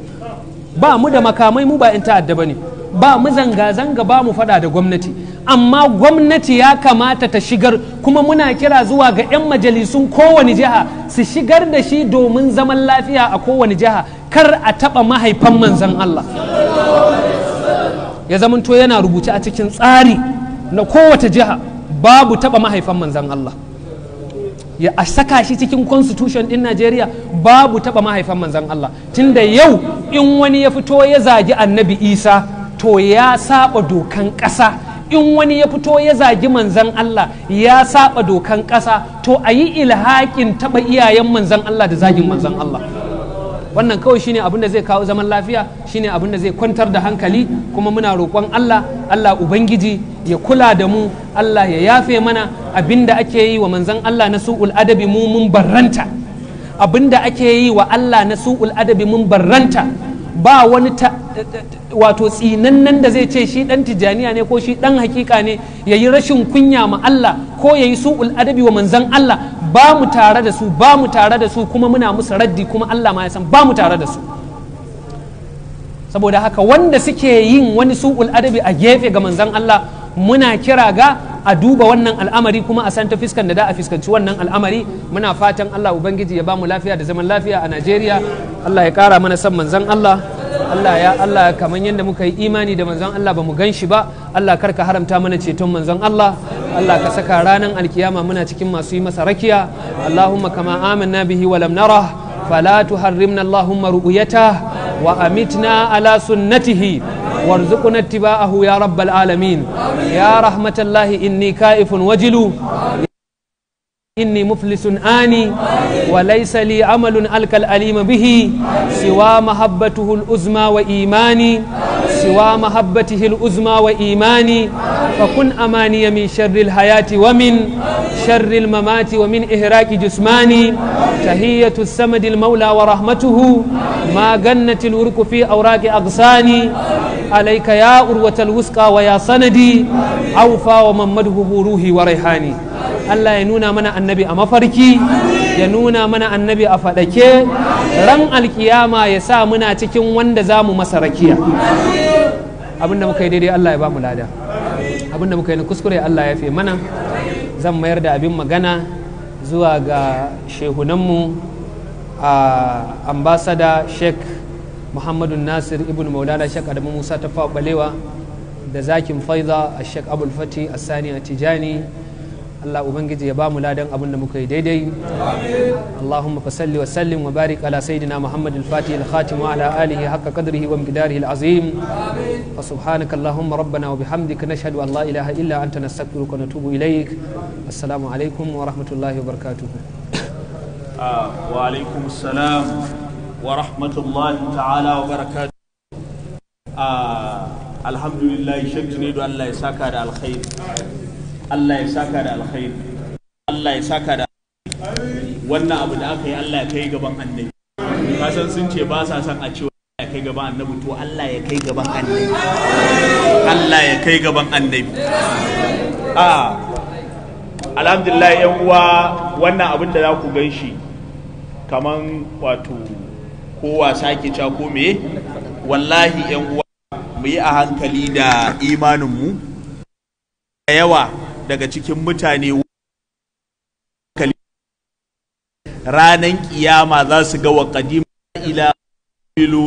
ba mu da makamai mu ba in ta'adda bane ba mu zanga zanga ba mu fada da gwamnati amma gwamnati ya kamata ta shigar kuma muna kira zuwa ga 'yan majalisun kowane jiha su shigar da shi domin zaman lafiya a kowane jiha kar a taɓa mahaifan manzan Allah ya zamanto yana rubuce a cikin tsari na kowace jiha babu taɓa mahaifan manzan Allah ya a saka shi cikin constitution din Najeriya babu taɓa mahaifan manzan Allah tunda yau in wani ya fito ya zagi annabi Isa to ya saba dokan ƙasa in wani ya fito ya zagi manzan Allah ya saba dokan ƙasa to a yi ilhakin taɓa iyayen manzan Allah da zagin manzan Allah wannan kawai shine abin da zai kawo zaman lafiya shine abin da zai kwantar da hankali kuma muna roƙon Allah Allah ubangiji ya kula da mu Allah ya yafe mana abin da ake yi wa manzan Allah na su'ul adabi mu mun barranta abin da ake yi wa Allah na su'ul adabi mun barranta ba wani wato tsinannen da zai ce shi dan tijaniya ne ko shi dan hakika ne ya yi rashin kunya ma Allah ko ya yi su'ul adabi wa manzan Allah ba mu tare da su ba mu tare da su kuma muna musu raddi kuma Allah ma ya san ba mu tare da su saboda haka wanda suke yin wani su'ul adabi a gefe ga manzan Allah muna kira ga a duba wannan al'amari kuma a san ta fiskan da da a fiskanci wannan al'amari muna fatan Allah ubangiji ya ba mu lafiya da zaman lafiya a Najeriya Allah ya kara mana san manzon Allah Allah ya Allah kamar yadda muka yi imani da manzon Allah ba mu gan shi ba Allah karka haramta mana ceton manzon Allah Allah ka saka ranar alkiyama muna cikin masu yi masa rakiya Allahumma kama amanna bihi wa lam narah fala tuharrimna Allahumma ru'yatah wa amitna ala sunnatihi وارزقنا اتباعه يا رب العالمين يا رحمة الله إني كائف وجل إني مفلس آني وليس لي عمل ألك الأليم به سوى محبته الأزمى وإيماني سوى محبته الأزمى وإيماني فكن أماني من شر الحياة ومن شر الممات ومن إهراك جسماني تهية السمد المولى ورحمته ما جنت الورك في أوراق أغصاني عليك يا أروة الوسقى ويا صندي أوفى ومن مدهه روحي وريحاني Allah ya nuna mana annabi a mafarki ya nuna mana annabi a faɗake ran alkiyama ya sa muna cikin wanda za mu masa rakiya da muka yi daidai Allah ya ba mu lada da muka yi na kuskure Allah ya fi mana zan mayar da abin magana zuwa ga shehunanmu a ambasada sheikh muhammadu nasir ibn maulana sheikh adamu musa ta balewa da zakin faiza a sheikh Fati a sani a tijani Allah ubangiji ya ba mu ladan abin da muka yi daidai Allahumma fa salli wa sallim wa barik ala sayidina Muhammad al-Fatih al-Khatim wa ala alihi haqqa qadrihi wa miqdarihi al-azim subhanaka Allahumma rabbana wa bihamdika nashhadu an la ilaha illa anta nastaghfiruka wa natubu ilaik assalamu alaikum wa rahmatullahi wa barakatuh ah, wa alaikum assalam wa rahmatullahi ta'ala wa barakatuh ah, alhamdulillah shek ne Allah ya saka da alkhairi Allah ya saka da alkhairi Allah ya saka da wannan abu da aka yi Allah ya kai gaban annabi ka san sun ce ba sa son a ce ya kai gaban annabi to Allah ya kai gaban annabi Allah ya kai gaban annabi a alhamdulillah yan uwa wannan abin da za ku gan shi kaman wato ko wasa ke ca ko me wallahi yan uwa mu yi a hankali da imaninmu da yawa daga cikin mutane ranan kiyama za su ga wa qadima ila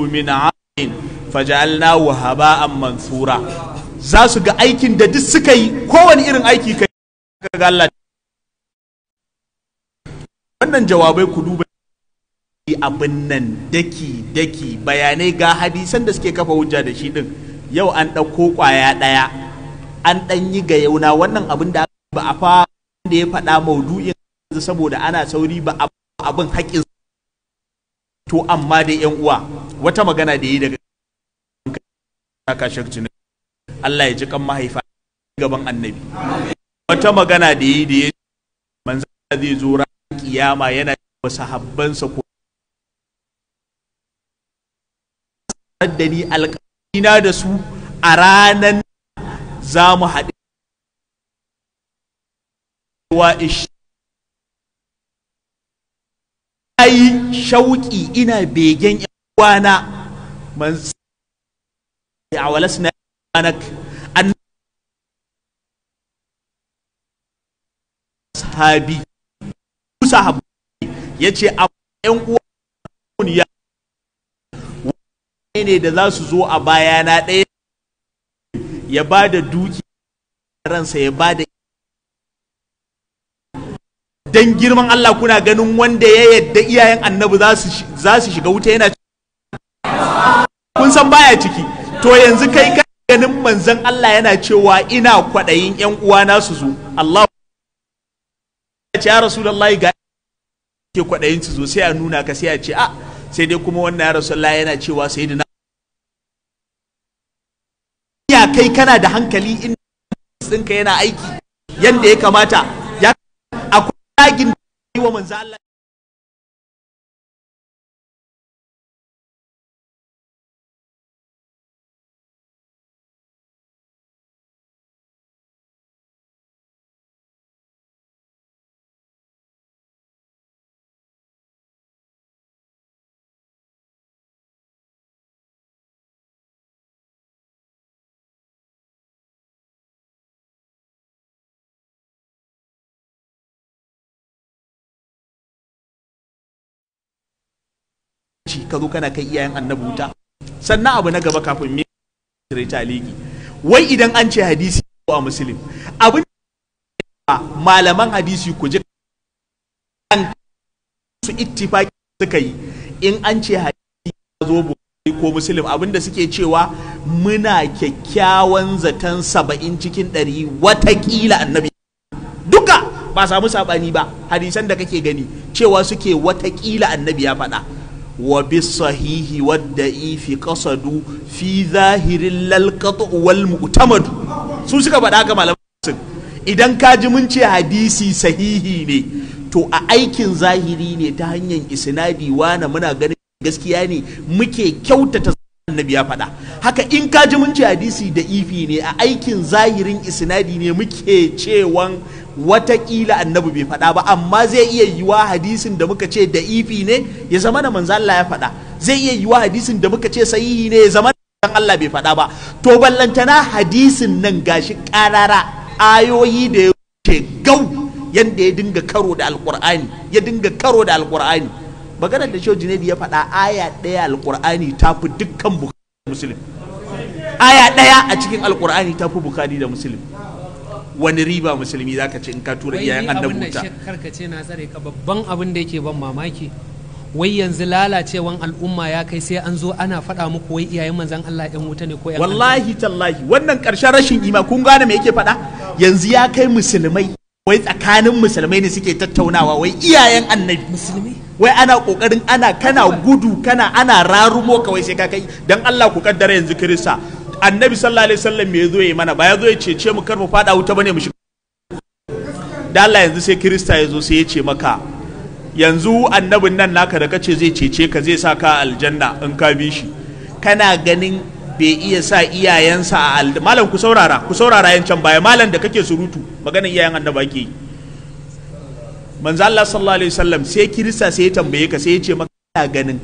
min amin haba haba'an mansura za su ga aikin da duk suka yi kowane irin aiki kai ga Allah wannan jawabai ku duba abin nan daki daki bayanai ga hadisan da suke kafa hujja da shi din yau an ɗauko ƙwaya ɗaya an ɗan yi ga yauna wannan abin da ba a fa da ya faɗa maudu'in yanzu saboda ana sauri ba abin haƙƙin to amma da yan uwa wata magana da yi daga kashin Allah ya ji kan mahaifa gaban annabi wata magana da yi da ya manzo zai zo ran kiyama yana wa sahabbansa ko da ni alƙalina da su a ranan za mu haɗe wa yi shauƙi ina begen uwana man a walasna yanak an sahabi sahabi ya ce a yan uwa ya ne da za su zo a bayana ɗaya ya ba da duki ransa ya ba da don girman Allah kuna ganin wanda ya yadda iyayen annabi za su shiga wuta yana kun san baya ciki to yanzu kai ka ganin manzan Allah yana cewa ina kwaɗayin yan uwana su zo Allah ya ce ya rasu Allah ga ke kwaɗayin su zo sai a nuna ka sai a ce a ah, sai dai kuma wannan ya rasu Allah yana cewa sayyidina kai kana da hankali in ɗinka yana aiki yadda ya kamata ya akwai ragin yi wa manzo Allah ka zo kana kai iyayen annabi wuta sannan abu na gaba kafin me ta aliki. wai idan an ce hadisi ko a muslim abin malaman hadisi ku ji kan su ittifaki suka yi in an ce hadisi ya zo ko muslim abinda suke cewa muna kyakkyawan zaton saba'in cikin ɗari watakila annabi duka ba samu saɓani ba hadisan da kake gani cewa suke watakila annabi ya faɗa wa wadda ifi kasadu fi zahirin lalkatu wal mu'tamad su suka faɗa ga malaman idan ka ji mun ce hadisi sahihi ne to a aikin zahiri ne ta hanyar isnadi wana muna ganin gaskiya ne muke kyautata annabi ya faɗa haka in ka ji mun ce hadisi da ifi ne a aikin zahirin isnadi ne muke cewan watakila annabi bai faɗa ba amma zai iya yiwa hadisin da muka ce da ifi ne ya zama da manzo Allah ya faɗa zai iya yiwa hadisin da muka ce sahihi ne ya zama da Allah bai faɗa ba to ballantana hadisin nan gashi karara ayoyi da ya wuce gau yanda ya dinga karo da alqur'ani ya dinga karo da alqur'ani bagana da shehu junaidi ya faɗa aya ɗaya alƙur'ani ta fi dukkan bukari da musulun aya ɗaya a cikin alƙur'ani ta fi bukari da musulun wani riba musulmi za ka ce in ka tura iyayen annabi wuta karka ce na tsare ka babban abin da yake ban mamaki wai yanzu lalacewan al'umma ya kai sai an zo ana faɗa muku wai iyayen manzan Allah ɗan wuta ne ko wallahi tallahi wannan ƙarshen rashin ima kun gane me yake faɗa yanzu ya kai musulmai wai tsakanin musulmai ne suke tattaunawa wai iyayen annabi musulmi wai ana kokarin ana kana gudu kana ana rarumo kawai sai ka kai dan Allah ku kaddara yanzu kirista annabi sallallahu alaihi wasallam me yazo yi mana ba yazo ya cece mu kar mu fada wuta bane mu shiga dan Allah yanzu sai kirista yazo sai ya ce maka yanzu annabin nan naka da kace zai cece ka zai sa ka aljanna in ka bi shi kana ganin bai iya sa iyayensa a al malam ku saurara ku saurara yancan baya malam da kake surutu Maganin iyayen annaba ke yi manzo Allah sallallahu alaihi wasallam sai kirista sai ya tambaye ka sai ya ce maka ganin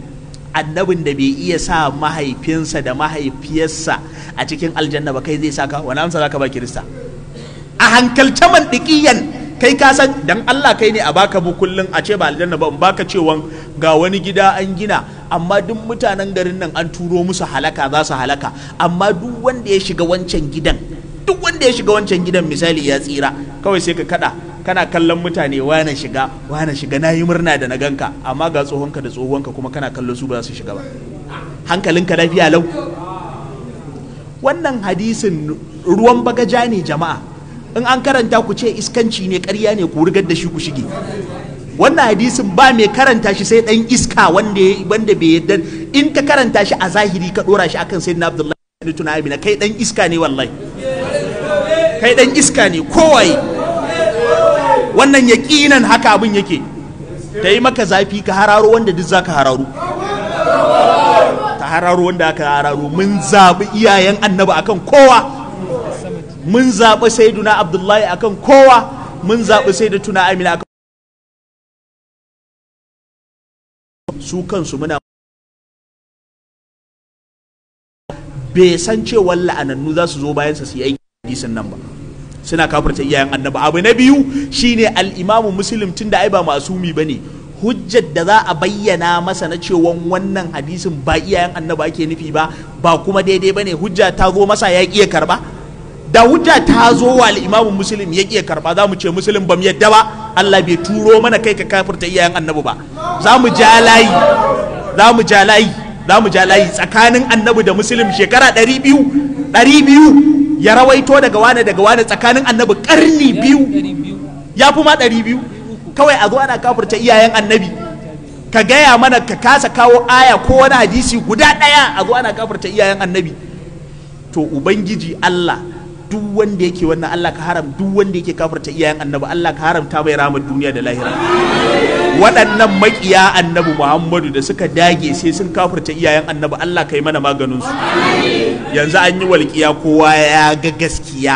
annabin da bai iya sa mahaifinsa da mahaifiyarsa a cikin aljanna ba kai zai saka wani amsa zaka ba kirista a hankalce man dikiyan kai ka san dan Allah kai ne a baka bukullin kullun a ce ba aljanna ba in baka cewan ga wani gida an gina amma duk mutanen garin nan an turo musu halaka za su halaka amma duk wanda ya shiga wancan gidan duk wanda ya shiga wancan gidan misali ya tsira kawai sai ka kada kana kallon mutane wane shiga wane shiga na yi murna da na ganka amma ga tsohonka da tsohonka kuma kana kallon su ba su shiga ba hankalinka lafiya lau wannan hadisin ruwan bagaja ne jama'a in an karanta ku ce iskanci ne ƙarya ne ku rigar da shi ku shige wannan hadisin ba mai karanta shi sai dan iska wanda wanda bai yadda in ka karanta shi a zahiri ka dora shi akan sayyidina abdullahi ibn tunabi na kai dan iska ne wallahi kai dan iska ne kowai wannan yaqinan haka abin yake ta yi maka zafi ka hararo wanda duk zaka hararo ta hararo wanda aka hararo mun zabi iyayen annabi akan kowa mun zaɓi saiduna abdullahi akan kowa mun zaɓi tuna amina akan su kansu muna bai san cewa la'anannu za su zo bayan sa su yi aiki hadisin nan ba suna kafirta iyayen annaba abu na biyu shine al-imamu muslim tun da ai ba masumi bane hujjar da za a bayyana masa na cewa wannan hadisin ba iyayen annaba ake nufi ba ba kuma daidai ba ne hujja ta zo masa ya iya karba da wuta ta zo wa al'imamu musulun muslim ya ƙi karba za mu ce muslim bam yadda ba Allah bai turo mana kai ka kafirta iyayen annabi ba za mu ja layi za mu ja za mu ja tsakanin annabi da muslim shekara ɗari biyu ya rawaito daga wane daga wane tsakanin annabi ƙarni biyu ya fi ma ɗari biyu kawai a zo ana kafirta iyayen annabi ka gaya mana ka kasa kawo aya ko wani hadisi guda ɗaya a zo ana kafirta iyayen annabi to ubangiji Allah duk wanda yake wannan Allah ka haram duk wanda yake kafirta iyayen annabi Allah ka haramta mai ramar duniya da lahira waɗannan maƙiya annabi Muhammadu da suka dage sai sun kafirta iyayen annabi Allah ka yi mana maganin su yanzu an yi walƙiya kowa ya ga gaskiya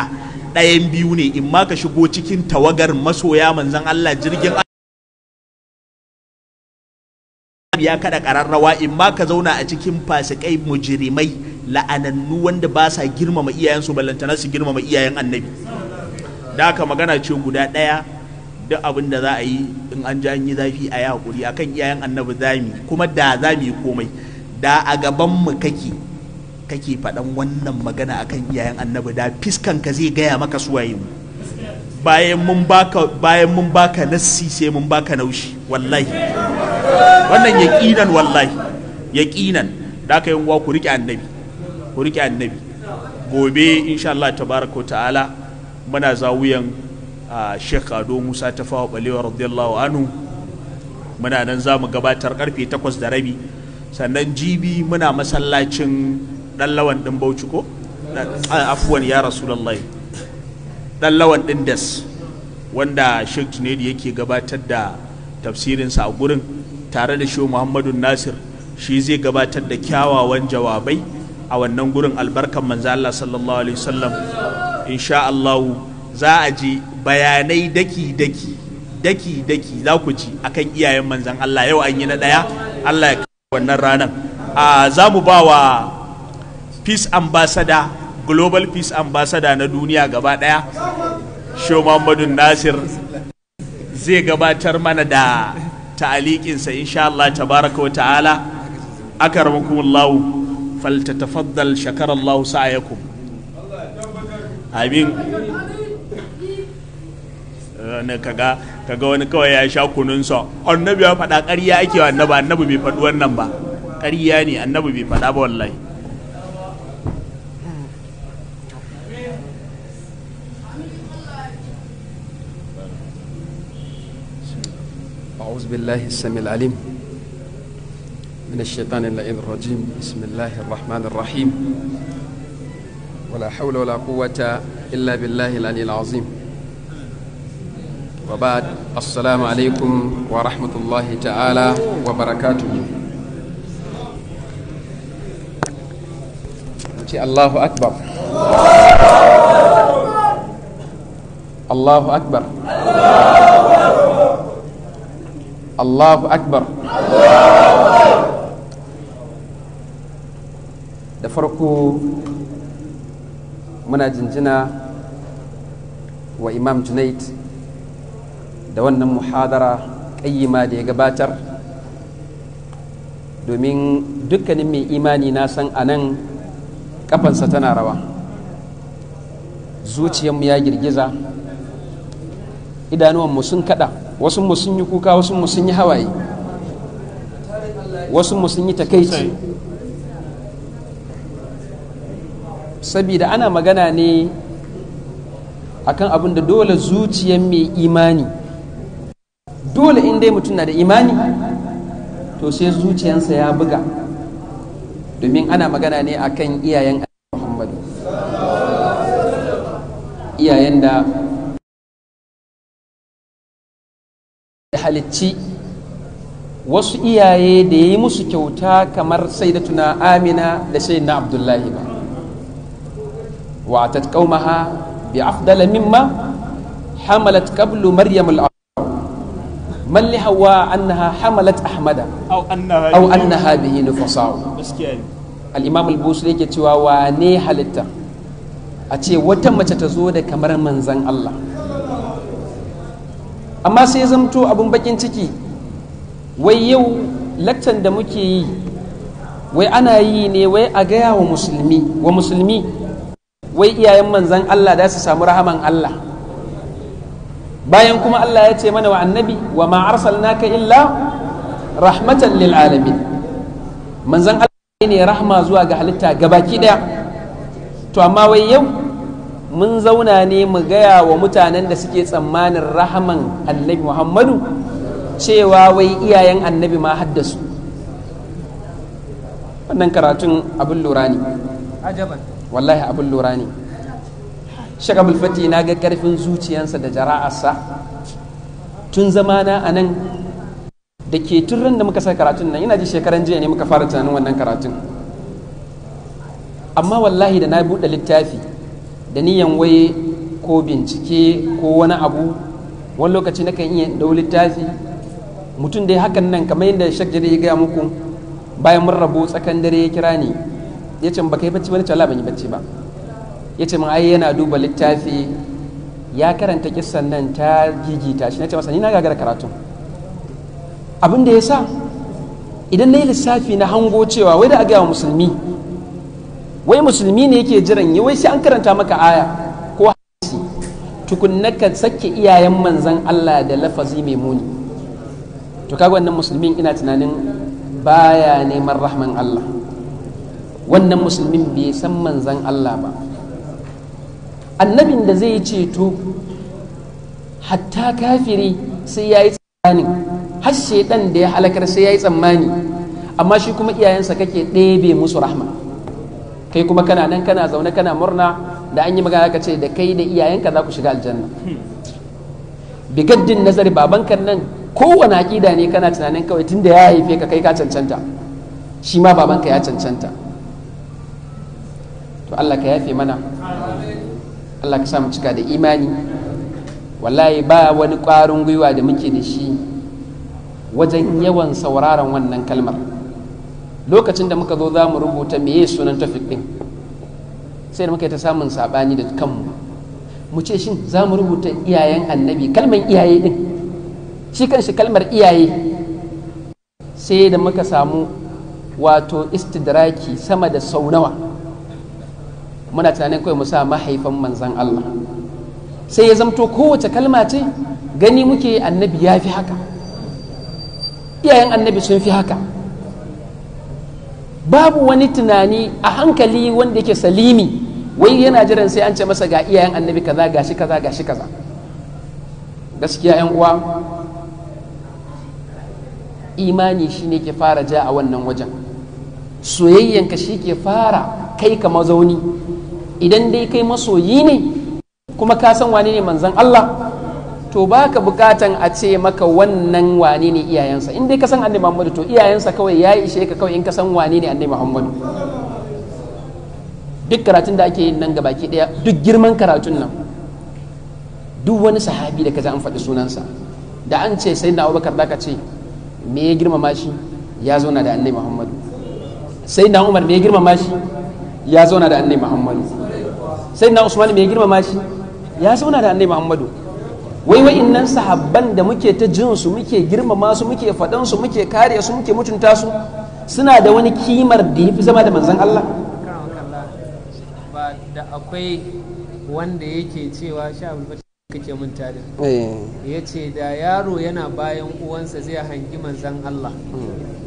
ɗayan biyu ne in ma ka shigo cikin tawagar masoya manzon Allah jirgin ya kada kararrawa in ma ka zauna a cikin fasikai mujirimai la'anannu wanda ba sa girmama iyayensu ballantana su girmama iyayen annabi da aka magana ce guda ɗaya duk abin da za a yi in an ji an yi zafi a yi hakuri akan iyayen annabi zami kuma da zami komai da a gaban mu kake kake faɗan wannan magana akan iyayen annabi da fiskan ka zai gaya maka suwaye mu bayan mun baka nassi sai mun baka naushi wallahi wannan yaƙinan wallahi yaƙinan da aka yi wa ku riƙe annabi ku riƙe annabi gobe insha Allah tabaraka ta'ala muna zawuyan Sheikh Ado Musa Tafawa Balewa radiyallahu anhu muna nan za mu gabatar karfe 8 da rabi sannan jibi muna masallacin dan lawan din Bauchi ko afwan ya Rasulullahi dan lawan din Das wanda Sheikh Tunedi yake gabatar da tafsirinsa a gurin tare da Shehu Muhammadu Nasir shi zai gabatar da kyawawan jawabai a wannan gurin albarkan manzo Allah sallallahu alaihi wasallam insha Allah za a ji bayanai daki daki daki daki za ku ji akan iyayen manzan Allah yau an yi na daya Allah ya wannan ranar a za mu ba wa peace ambassador global peace ambassador na duniya gaba daya Shehu Muhammadu Nasir zai gabatar mana da ta'alikinsa insha Allah tabaraka wa ta'ala akaramakumullahu faltatafaddal shakara lausa sa'ayakum amin ne kaga kaga wani kawai ya sha kunun sa annabi ya faɗa ƙarya ake wa annabi annabi bai faɗi wannan ba ƙarya ne annabi bai faɗa ba wallahi أعوذ بالله السميع العليم من الشيطان اللعين الرجيم بسم الله الرحمن الرحيم ولا حول ولا قوة إلا بالله العلي العظيم وبعد السلام عليكم ورحمة الله تعالى وبركاته الله أكبر الله أكبر الله أكبر الله أكبر da farko muna jinjina wa imam junaid da wannan muhadara ƙayyima da ya gabatar domin dukkanin mai imani na san a nan kafansa tana rawa zuciyarmu ya girgiza idanuwanmu sun kada wasu mu sun yi kuka wasu mu sun yi hawaye wasu mu sun yi takaici saboda ana magana ne akan abin da dole zuciyar mai imani dole in dai mutum na da imani to sai zuciyansa ya buga domin ana magana ne akan iyayen muhammadu iyayen da halicci wasu iyaye da ya yi musu kyauta kamar sai da tuna amina da sai na abdullahi ba وعتت قومها بأفضل مما حملت قبل مريم الأرض من لهوى أنها حملت أحمد أو أنها أو أنها به نفصا الإمام البوسري كتوا واني حلتا أتي وتم تتزود كمر زن الله أما سيزمتو أبو مبكين تكي ويو wai yau laktan da muke yi wai ana yi wai iyayen manzan Allah da su samu rahaman Allah bayan kuma Allah ya ce mana wa annabi wa ma arsalnaka illa rahmatan lil alamin manzan Allah ne rahma zuwa ga halitta gabaki daya to amma wai yau mun zauna ne mu gaya wa mutanen da suke tsammanin rahaman annabi Muhammadu cewa wai iyayen annabi ma haddasu wannan karatun abin lura ne ajaban wallahi abin lura ne shiga bulfati na ga karfin zuciyarsa da jara'arsa tun zamana a nan da ke turin da muka sa karatun nan ina ji shekaran jiya ne muka fara tunanin wannan karatun amma wallahi da na buɗe littafi da niyan waye ko bincike ko wani abu wani lokaci na kan iya dau littafi mutum dai hakan nan kamar yadda shak ya gaya muku bayan mun rabu tsakan dare ya kira ni ya ce baka yi bacci ba ne cewa ban yi bacci ba ya ce min ai yana duba littafi ya karanta kissan nan ta gigita shi nace masa ni na gagara karatu abin da ya sa idan na yi lissafi na hango cewa wai da a gaya musulmi wai musulmi ne yake jiran wai sai an karanta maka aya ko hadisi tukunna ka sake iyayen manzan Allah da lafazi mai muni to kaga wannan musulmin ina tunanin baya neman rahman Allah wannan musulmin bai san manzan Allah ba annabin da zai yi ceto hatta kafiri sai ya yi tsammani har shaidan da ya halakar sai ya yi tsammani amma shi kuma iyayensa kake ɗebe musu rahma kai kuma kana nan kana zaune kana murna da an yi magana ka ce da kai da iyayenka za ku shiga aljanna bigaddin nazari babanka nan kowane aƙida ne kana tunanin kawai tun da ya haife ka kai ka cancanta shi ma babanka ya cancanta to Allah ka yafe mana Allah ka samu cika da imani wallahi ba wani ƙwarin gwiwa da muke da shi wajen yawan sauraron wannan kalmar lokacin da muka zo za mu rubuta meye sunan tafi ɗin sai da muka yi ta samun saɓani da kanmu mu ce shin za mu rubuta iyayen annabi kalmar iyaye ɗin shi kanshi kalmar iyaye sai da muka samu wato istidraki sama da sau nawa muna tunanin kawai mu sa mahaifan manzan Allah sai ya zamto kowace kalma ce gani muke annabi ya fi haka iyayen annabi sun fi haka babu wani tunani a hankali wanda yake salimi wai yana jiran sai an ce masa ga iyayen annabi kaza gashi kaza gashi kaza gaskiya yan uwa imani shine ke fara ja a wannan wajen soyayyanka shi ke fara kai ka mazauni idan dai kai masoyi ne kuma ka san wane ne manzan Allah to baka bukatan a ce maka wannan wane ne iyayensa in dai ka san annabi Muhammadu to iyayensa kawai ya ishe ka kawai in ka san wane ne annabi Muhammadu duk karatun da ake yin nan gabaki daya duk girman karatun nan duk wani sahabi da ka ji an faɗi sunansa da an ce sai na abubakar da ka ce me ya girmama shi ya zauna da annabi Muhammadu sai na umar mai girmama shi ya zauna da annai muhammadu sai na usman mai girmama shi ya zauna da annai muhammadu wai wai wa'innan sahabban da muke ta jin su muke girmama su muke faɗan su muke kare su muke mutunta su suna da wani kimar da ya fi zama da manzan Allah ba da akwai wanda yake cewa sha kake mun tare eh. ya ce da yaro yana bayan uwansa zai hangi manzan Allah hmm.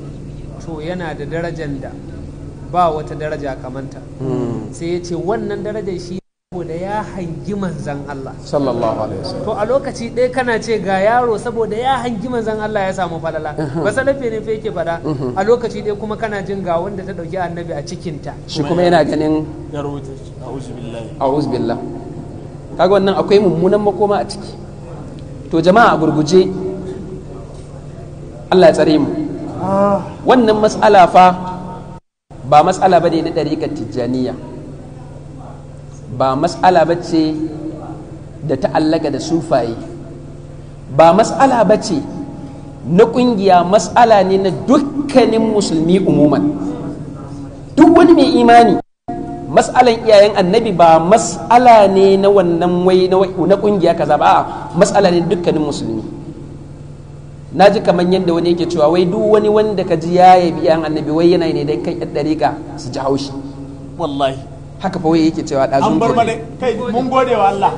wato yana da darajar da ba wata daraja kamanta hmm. sai ya ce wannan darajar shi saboda ya hangi manzan Allah sallallahu alaihi wasallam to a lokaci ɗaya kana ce ga yaro saboda ya hangi manzan Allah ya samu falala uh-huh. ba salafi ne fa yake fada uh-huh. a lokaci ɗaya kuma kana jin ga wanda ta dauki annabi a cikinta shi kuma yana ganin a'udhu billahi kaga wannan akwai mummunan makoma a ciki to jama'a gurguje Allah ya tsare mu wannan matsala fa ba matsala ba ne na ɗariƙar tijjaniya ba matsala ba ce da ta'allaka da sufaye ba matsala ba ce na ƙungiya matsala ne na dukkanin musulmi umuman duk wani mai imani matsalan iyayen annabi ba matsala ne na wannan wai na ƙungiya kaza ba a matsala ne dukkanin musulmi na ji kamar yadda wani yake cewa wai duk wani wanda ka ji ya yabi yan annabi wai yana ne dan kan yan dariƙa su ji haushi wallahi haka fa wai yake cewa dazun an bar mana kai mun gode wa Allah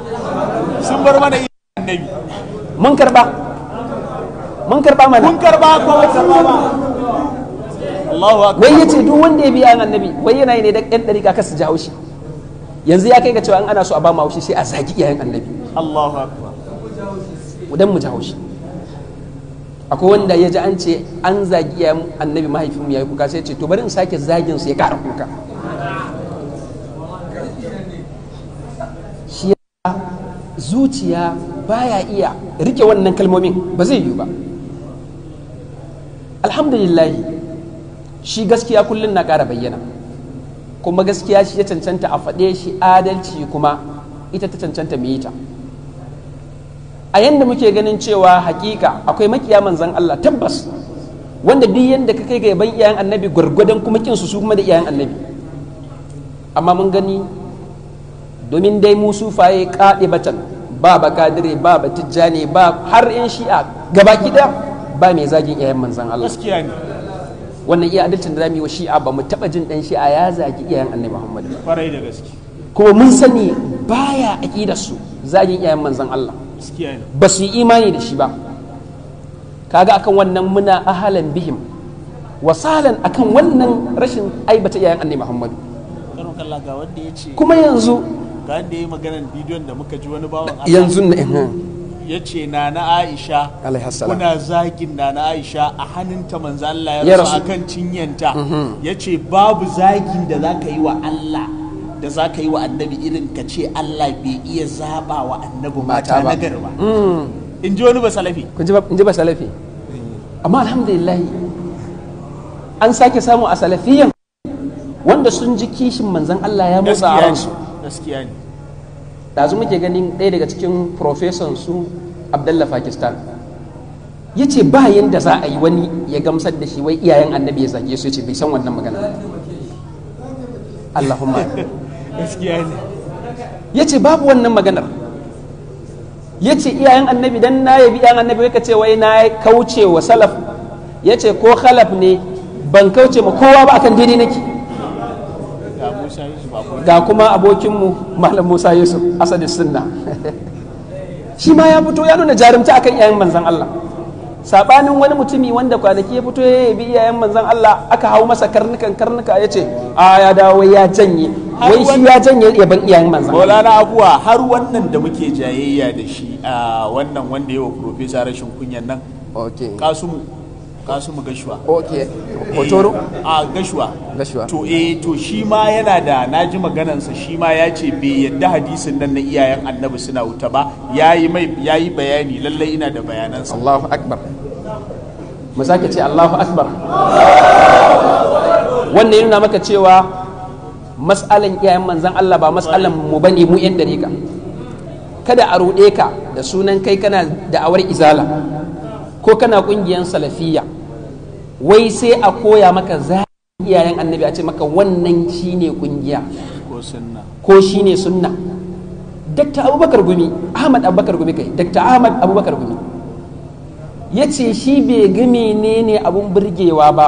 sun bar mana annabi mun karba mun karba mana mun karba ko wata karba ba Allahu akbar wai yace duk wanda ya bi an annabi wai yana ne dan yan dariƙa ka su ji haushi yanzu ya kai ga cewa an ana so a ba mu haushi sai a zagi iyayen annabi Allahu akbar dan mu ji haushi akwai wanda ya ji an ce an zagi ya annabi mahaifinmu ya yi kuka sai ce to bari in sake zagin su ya kara kuka shi zuciya baya iya rike wannan kalmomin ba zai yiwu ba alhamdulillahi shi gaskiya kullum na kara bayyana kuma gaskiya shi ya cancanta a faɗe shi adalci kuma ita ta cancanta mita. a yadda muke ganin cewa hakika akwai makiya manzan Allah tabbas wanda duk yanda ka kai ga yaban iyayen annabi gwargwadon kuma kin su kuma da iyayen annabi amma mun gani domin dai mu faye kaɗe batan ba ba kadire ba ba tijjani ba har yan shi'a gaba da ba mai zagin iyayen manzan Allah gaskiya ne wannan iya adalcin da zamu yi wa shi'a ba mu taba jin dan shi'a ya zagi iyayen annabi Muhammad kwarai da gaske kuma mun sani baya aqidar su zagin iyayen manzan Allah ba su yi imani da shi ba kaga akan wannan muna ahalan bihim wasalan akan wannan rashin aibata yayin annabi muhammadu kuma yanzu ga wanda ya yi maganar bidiyon da muka ji wani bawan yanzu ne eh. ya ce na na aisha kuna zagin na na aisha a hannunta manzo Allah ya rasu akan cinyanta mm-hmm. ya ce babu zagin da za ka yi wa Allah da za ka yi wa annabi irin ka ce Allah bai iya zaɓa wa annabi mata na garba mm. in ji wani ba salafi in ji ba salafi amma alhamdulillah an sake samu a salafiyan wanda sun ji kishin manzan Allah ya motsa a ransu gaskiya ne ɗazu muke ganin ɗaya daga cikin profesan su Abdullah Pakistan ya ce ba yadda za a yi wani ya gamsar da shi wai iyayen annabi ya zage su ya ce bai san wannan magana Allahumma ya ce babu wannan maganar ya ce iyayen annabi dan na yabi iyayen annabi ka ce wai na kauce wa salaf ya ce ko khalaf ne ban kauce ma kowa ba akan daidai nake ga kuma abokinmu malam musa yusuf asadi sunna shi ma ya fito ya nuna jarumta akan iyayen manzan allah sabanin wani mutumi wanda kwanaki ya fito ya yabi iyayen manzan allah aka hau masa karnukan karnuka ya ce a ya dawo ya janye wai shi ya janye yaban iyayen manzan maulana abuwa har wannan da muke jayayya da shi a wannan wanda yawa profesa rashin kunyan nan kasumu kasumu gashuwa ok otoro eh, a gashuwa gashuwa to eh to shi ma yana da naji maganansa shi ma ya ce bai yadda hadisin nan na iyayen annabi suna wuta ba yayi mai yayi bayani lallai ina da bayanansa Allahu akbar mu sake ce Allahu akbar wannan yana maka cewa matsalan iyayen manzan Allah ba matsalan mu bane mu yan ka kada a ruɗe ka da sunan kai kana da'awar izala ko kana kungiyan salafiya. wai sai a koya maka zaɓin iyayen annabi a ce maka wannan shine kungiya. ko shine sunna dakta abubakar gumi ahmad abubakar gumi kai dakta ahmad abubakar gumi ya ce shi bai ne ne abun burgewa ba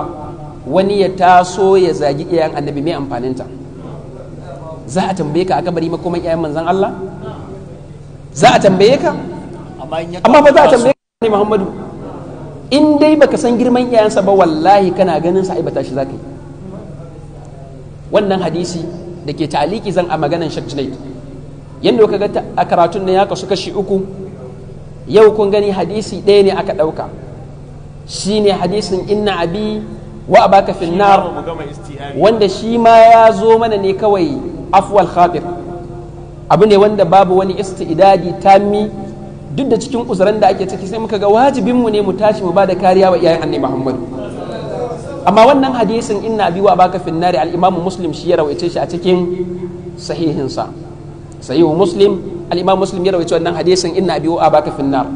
wani ya taso ya zagi iyayen annabi mai amfaninta za a tambaye ka a kabari makoman ƴaƴan manzon Allah za a tambaye ka amma ba za a tambaye ka ne Muhammadu in dai baka san girman ƴaƴansa ba wallahi kana ganin sa aibata shi zaka yi wannan hadisi da ke taliki zan a maganan Sheikh Junaid yanda kuka ga a karatun da ya kasu kashi uku yau kun gani hadisi ɗaya ne aka ɗauka Shi ne hadisin inna abi wa abaka finnar wanda shi ma ya zo mana ne kawai afwal khatir abu ne wanda babu wani istidadi tammi duk da cikin uzuran da ake ciki sai muka ga wajibinmu ne mu tashi mu bada kariya wa iyayen annabi Muhammad amma wannan hadisin inna abi wa baka finnari al-imamu muslim shi ya rawaice shi a cikin sahihinsa sahihu muslim al-imamu muslim ya rawaice wannan hadisin inna abi wa baka finnar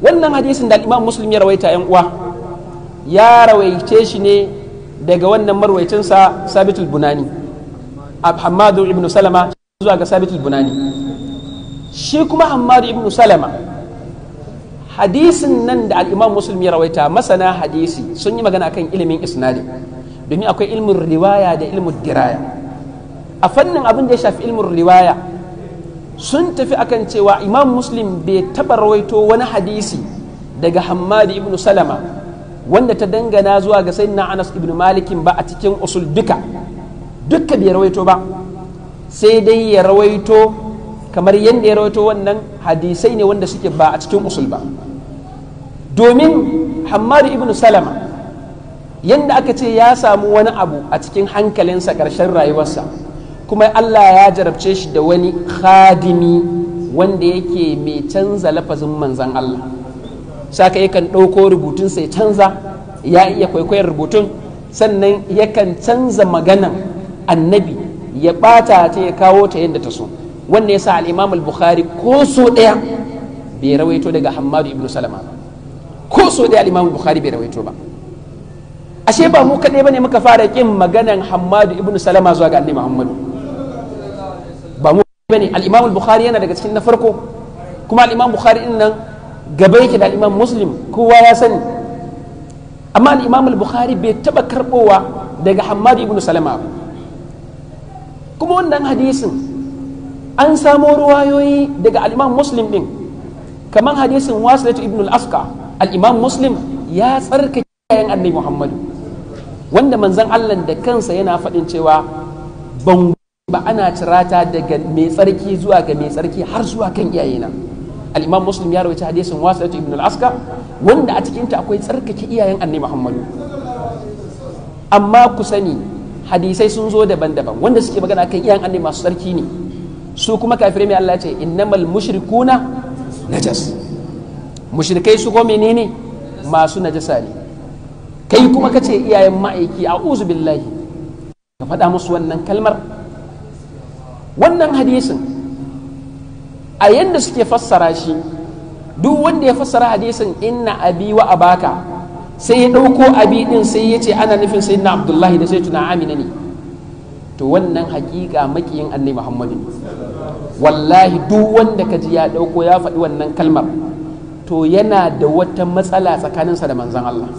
wannan hadisin da al-imamu muslim ya rawaita yan uwa ya rawaice shi ne daga wannan marwaicinsa sabitul bunani hamadu ibn salama zuwa ga sabit bunani shi kuma hamadu ibn salama hadisin nan da al'imam muslim ya rawaita masana hadisi sun yi magana akan ilimin isnadi domin akwai ilmin riwaya da ilmin diraya a fannin abin da ya shafi ilmin riwaya sun tafi akan cewa imam muslim bai taɓa rawaito wani hadisi daga hammadu ibn salama wanda ta dangana zuwa ga sayyidina anas ibn malikin ba a cikin usul duka dukka bai rawaito ba sai dai ya rawaito kamar yadda ya rawaito wannan hadisai ne wanda suke ba a cikin usul ba domin hammadu ibn salama yadda aka ce ya samu wani abu a cikin hankalinsa ƙarshen rayuwarsa kuma allah ya jarabce shi da wani khadimi wanda yake mai canza lafazin manzan allah saka yakan ɗauko rubutun sai canza ya iya kwaikwayar rubutun sannan yakan canza maganan annabi ya ɓata ta ya kawo ta yadda ta so wannan yasa al-imam al-bukhari ko so ɗaya bai rawaito daga hammadu ibn salama ba ko so ɗaya al-imam al-bukhari bai rawaito ba ashe ba mu kaɗai bane muka fara kin maganan hammadu ibn salama zuwa ga annabi muhammadu ba mu bane al-imam al-bukhari yana daga cikin na farko kuma al-imam bukhari din nan gaba yake da al-imam muslim kowa ya sani amma al-imam al-bukhari bai taba karbowa daga hammadu ibn salama ba kuma wannan hadisin an samo ruwayoyi daga al'imam muslim ɗin kamar hadisin wasu ibn al aska al'imam muslim ya tsarka kayan annabi muhammadu wanda manzon allah da kansa yana faɗin cewa ban ba ana cirata daga mai tsarki zuwa ga mai tsarki har zuwa kan iyayena al'imam muslim ya rawaita hadisin wasu ibn al-aska wanda a cikinta akwai tsarkake iyayen annabi muhammadu amma ku sani hadisai sun zo daban-daban wanda suke magana kan iyan annabi masu sarki ne su kuma kafirai mai Allah ce innamal mushrikuna najas mushrikai su ko menene masu najasa ne kai kuma kace iyayen ma'aiki a'udhu billahi ka faɗa musu wannan kalmar wannan hadisin a yanda suke fassara shi duk wanda ya fassara hadisin inna abi wa abaka sai ya ɗauko abi ɗin sai ya ce ana nufin sai na abdullahi da sai tuna amina ne to wannan hakika makiyin annai muhammadin wallahi duk wanda ka ji ya ɗauko ya faɗi wannan kalmar to yana da wata matsala tsakaninsa da manzan Allah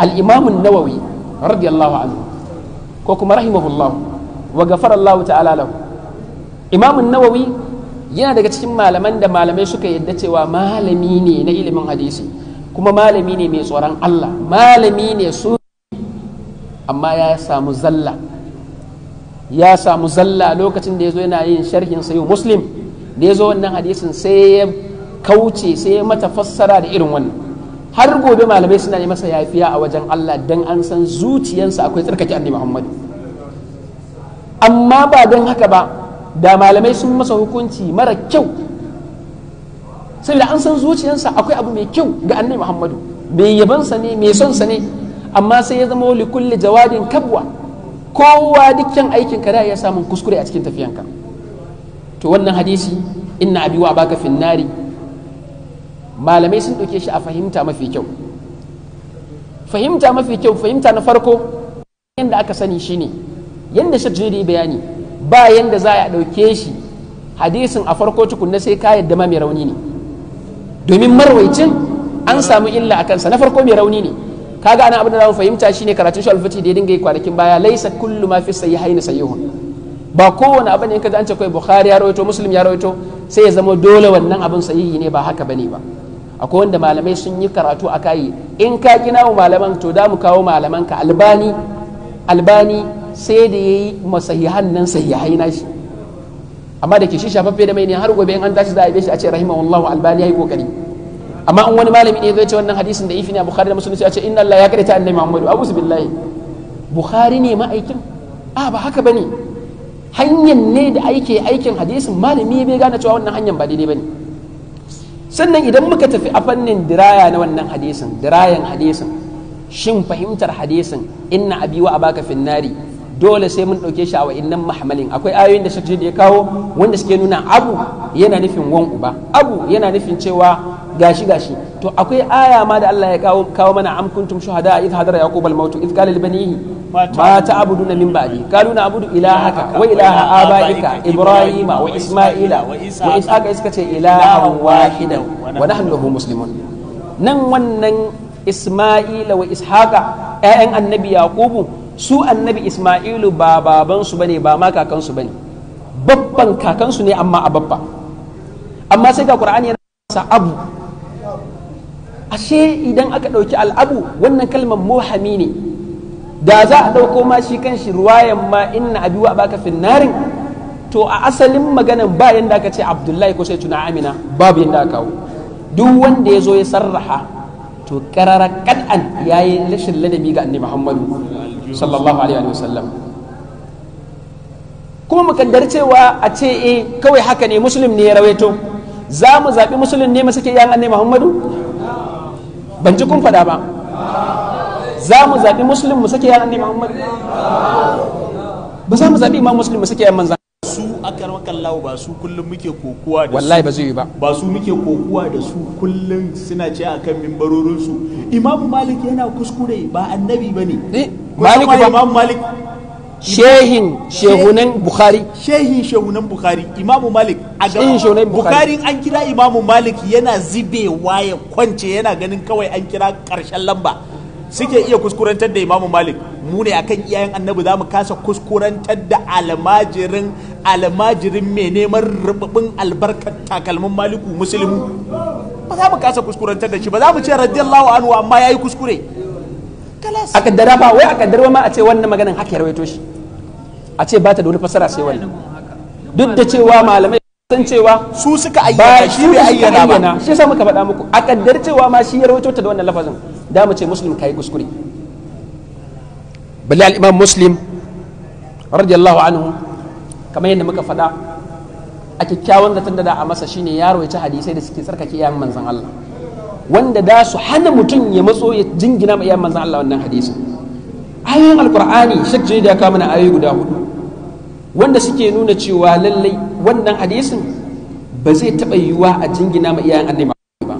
al'imamun nawawi radiyallahu anhu ko kuma rahimahullah wa gafarallahu ta'ala lahu imamun nawawi yana daga cikin malaman da malamai suka yadda cewa malami ne na ilimin hadisi kuma malami ne mai tsoron Allah malami ne so amma ya samu zalla ya samu zalla lokacin da ya zo yana yin sharhin sayo muslim da ya zo wannan hadisin sai ya kauce sai ya mata fassara da irin wannan har gobe malamai suna yi masa yafiya a wajen Allah dan an san zuciyarsa akwai tsarkake annabi Muhammad amma ba don haka ba da malamai sun masa hukunci mara kyau saboda an san zuciyarsa akwai abu mai kyau ga annabi muhammadu bai yabansa ne mai son sa ne amma sai ya zama li kulli jawadin kabwa kowa dukkan aikin ka da ya samu kuskure a cikin tafiyanka to wannan hadisi inna abi wa baka fin malamai sun ɗauke shi a fahimta mafi kyau fahimta mafi kyau fahimta na farko yadda aka sani shine yadda shajiri bayani ba yadda za a ɗauke shi hadisin a farko tukunna sai ka yadda ma mai rauni ne domin marwaicin an samu illa a kansa na farko mai rauni ne kaga ana abin da zamu fahimta shine karatun shi alfati da ya dinga yi kwanakin baya laisa kullu ma fi na sayyihun ba kowane abin in kaji an ce kai bukhari ya rawaito muslim ya rawaito sai ya zama dole wannan abin sahihi ne ba haka bane ba akwai wanda malamai sun yi karatu a kai in ka gina wa malaman to da mu kawo malaman ka albani albani sai da yayi masahihan nan sahihai na shi amma da ke shi shafaffe da mai ne har gobe in an tashi za a yi shi a ce rahimahullahu albani yayi kokari amma in wani malami ne zai ce wannan hadisin da ifi ne a bukhari da musulunci a ce inna allah ya karanta annabi muhammadu abu billahi bukhari ne ma'aikin a ba haka bane hanyar ne da aike aikin hadisin malami bai gane cewa wannan hanyar ba daidai bane sannan idan muka tafi a fannin diraya na wannan hadisin dirayan hadisin shin fahimtar hadisin inna abi wa abaka finnari dole sai mun ɗauke shi a nan mahmalin akwai ayoyin da shi da ya kawo wanda suke nuna abu yana nufin wan uba abu yana nufin cewa gashi gashi to akwai aya ma da Allah ya kawo kawo mana am kuntum shuhada id hadara yaqub al maut id qala li banihi ma ta'buduna min ba'di qalu na'budu ilahaka wa ilaha abaika ibrahima wa isma'ila wa isaka iska ce ilahan wahidan wa nahnu lahu muslimun nan wannan isma'ila wa ishaqa ƴaƴan annabi yaqubu su annabi isma'ilu ba babansu bane ba ma kakansu bane babban kakansu ne amma a babba amma sai ga qur'ani yana sa abu ashe idan aka ɗauki al'abu wannan kalmar muhami ne da za a ɗauko ma shi kan shi ruwayan ma inna abi wa baka finnarin to a asalin maganan ba yanda aka ce abdullahi ko sai tuna amina babu yanda aka kawo duk wanda ya zo ya sarraha to karara kad'an ya yi rashin ladabi ga annabi muhammadu sallallahu alaihi wa kuma mu cewa a ce eh kawai haka ne muslim ne ya rawaito za mu zaɓi musulun ne mu suke yan annabi muhammadu ban ji kun faɗa ba za mu zaɓi musulun mu sake yaran neman muhammad ba za mu zaɓi imam musulun mu sake yaran manzan su a rama kallawa ba su kullum muke kokuwa da su wallahi ba zai yi ba ba su muke kokuwa da su kullum suna ce akan mimbarorin su imam malik yana kuskure ba annabi ne eh, malik ba imam malik shehin shehunan bukhari shehin shehunan bukhari imamu malik a shehunan bukhari an kira imamu malik yana zibewa ya kwance yana ganin kawai an kira karshen lamba suke iya kuskurantar da imamu malik mu ne akan iyayen annabi za mu kasa kuskurantar da almajirin almajirin mai neman rubabin albarkar takalmin maliku musulmi ba za mu kasa kuskurantar da shi ba za mu ce radiyallahu anhu amma yayi kuskure a kaddara fa wai a kaddara ma a ce wannan maganin haka ya rawaito shi a ce ba ta da wani fasara sai wannan duk da cewa malamai san cewa su suka ayyana shi ayyana ba shi sa muka faɗa muku a kaddar cewa ma shi ya rawaito ta da wannan lafazin da mu ce muslim kai kuskure bali al-imam muslim radiyallahu anhu kamar yadda muka faɗa a kyakkyawan zaton da da a masa shine ya rawaita hadisai da suke tsarkake yayin manzon Allah wanda da su hana mutum ya matso ya jingina ma iyayen manzan Allah wannan hadisi ayoyin alkur'ani shek jini da ya kawo mana ayoyi guda hudu wanda suke nuna cewa lallai wannan hadisin ba zai taɓa yiwuwa a jingina ma iyayen annabi ba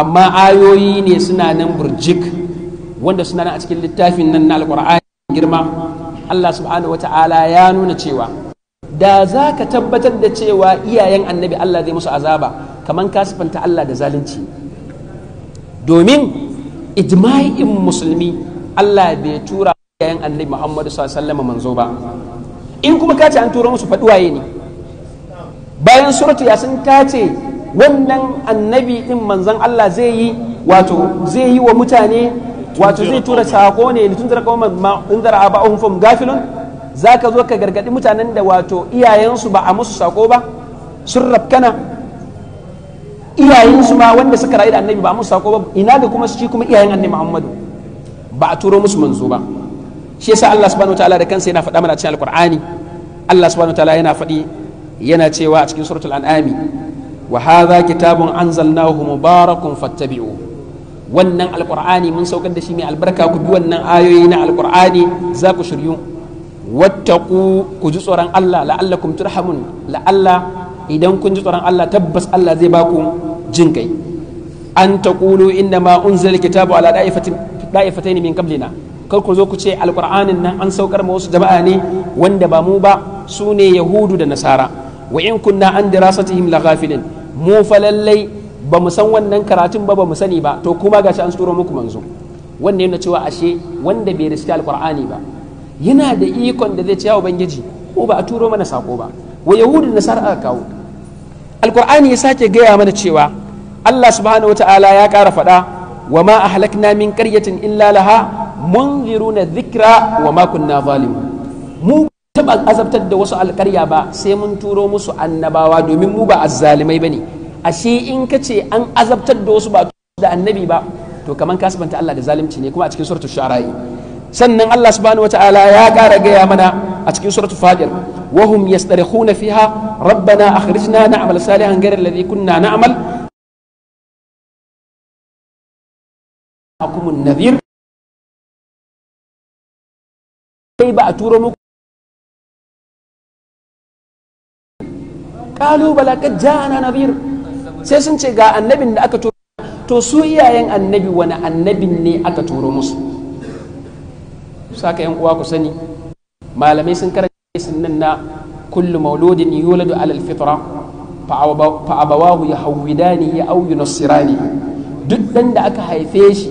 amma ayoyi ne suna nan burjik wanda suna nan a cikin littafin nan na alkur'ani girma Allah subhanahu wata'ala ya nuna cewa da za ka tabbatar da cewa iyayen annabi Allah zai musu azaba kamar kasifanta Allah da zalunci domin ijma'in musulmi Allah bai tura yayin annabi Muhammadu sallallahu manzo ba in kuma kace an tura musu faɗuwaye ne bayan suratu yasin ta ce wannan annabi din manzon Allah zai yi wato zai yi wa mutane wato zai tura sako ne tun zara kuma in zara aba'uhum fum gafilun zaka zo ka gargadi mutanen da wato iyayensu ba a musu sako ba sun rafkana iyayensu ma wanda suka rayu da annabi ba musu sako ba ina da kuma shi kuma iyayen annabi Muhammadu ba a turo musu manzo ba shi yasa Allah subhanahu wataala da kansa yana faɗa mana cikin alqur'ani Allah subhanahu wataala yana faɗi yana cewa a cikin suratul an'ami wa hadha kitabun anzalnahu mubarakun fattabi'u wannan alqur'ani mun saukar da shi mai albarka ku bi wannan ayoyi na alqur'ani za ku shiryu wattaqu ku ji tsoron Allah la'allakum turhamun la'alla idan kun ji tsoron Allah tabbas Allah zai baku jin kai an taqulu inda ma unzila kitabu ala da'ifatayn min qablina kar ku zo ku ce alqur'anin nan an saukar ma wasu jama'a ne wanda ba mu ba su ne yahudu da nasara wa in kunna an dirasatihim ghafilin mu fa lallai ba mu san wannan karatun ba ba mu sani ba to kuma gashi an tsoro muku manzo wannan yana cewa ashe wanda bai rishi alqur'ani ba yana da ikon da zai ce ya ubangiji ko ba a turo mana sako ba wa yahudu da nasara aka kawo alkur'ani ya sake gaya mana cewa allah subhanahu wa ta'ala ya kara faɗa wa ma ahlakna min qaryatin illa laha munziruna zikira wa ma kunna mu taɓa azabtar da wasu alƙarya ba sai mun turo musu annabawa domin mu ba azzalimai ne. ashe in ka ce an azabtar da wasu ba da annabi ba to kaman kasbanta Allah da zalunci ne kuma a cikin suratul shu'ara sannan Allah subhanahu wa ta'ala ya kara gaya mana a cikin suratul fajr wa hum yastarihuna fiha rabbana akhrijna na'mal salihan ghayra alladhi kunna na'mal akum an-nadhir kai ba a turo muku kalu bala kad ja'ana nadhir sai sun ce ga annabin da aka turo to su iyayen annabi wani annabin ne aka turo musu saka yan uwa ku sani malamai sun karanta hadisin nan na kullu mauludin yuladu alal fitra fa abawahu ya aw yunassirani duk dan da aka haife shi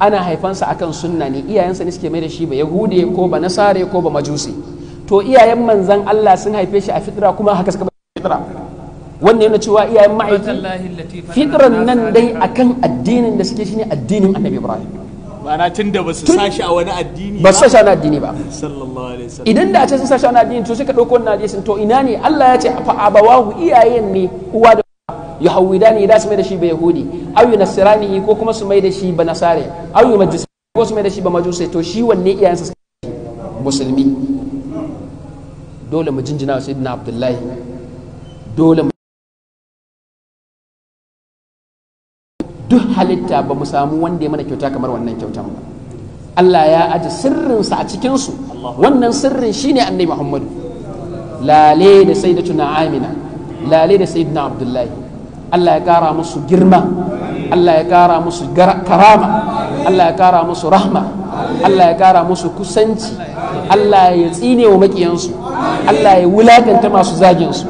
ana haifansa akan sunna ne iyayensa ne suke mai da shi ba yahude ko ba nasare ko ba majusi to iyayen manzan Allah sun haife shi a fitra kuma haka suka fitra wannan yana cewa iyayen ma'aiki fitran nan dai akan addinin da suke ne addinin annabi Ibrahim ma'ana tun da ba su sashi a wani addini ba su sashi a wani addini ba idan da a ce sun sashi a wani addini to suka ɗauko wani hadisin to ina ne Allah ya ce fa abawahu iyayen ne uwa da ya hawida ne da su mai da shi ba yahudi au yu nasirani ko kuma su mai da shi ba nasare ayu yu ko su mai da shi ba majusai to shi wanne iyayensa suka musulmi dole mu jinjina wasu sayyidina abdullahi dole mu duk halitta ba mu samu wanda ya mana kyauta kamar wannan kyautan ba Allah ya aji sirrinsa a cikinsu wannan sirrin shine annabi Muhammadu lale da sayyidatuna Amina lale da sayyidina Abdullahi Allah ya kara musu girma Allah ya kara musu karama Allah ya kara musu rahma Allah ya kara musu kusanci Allah ya tsine wa makiyansu Allah ya wulakanta masu zaginsu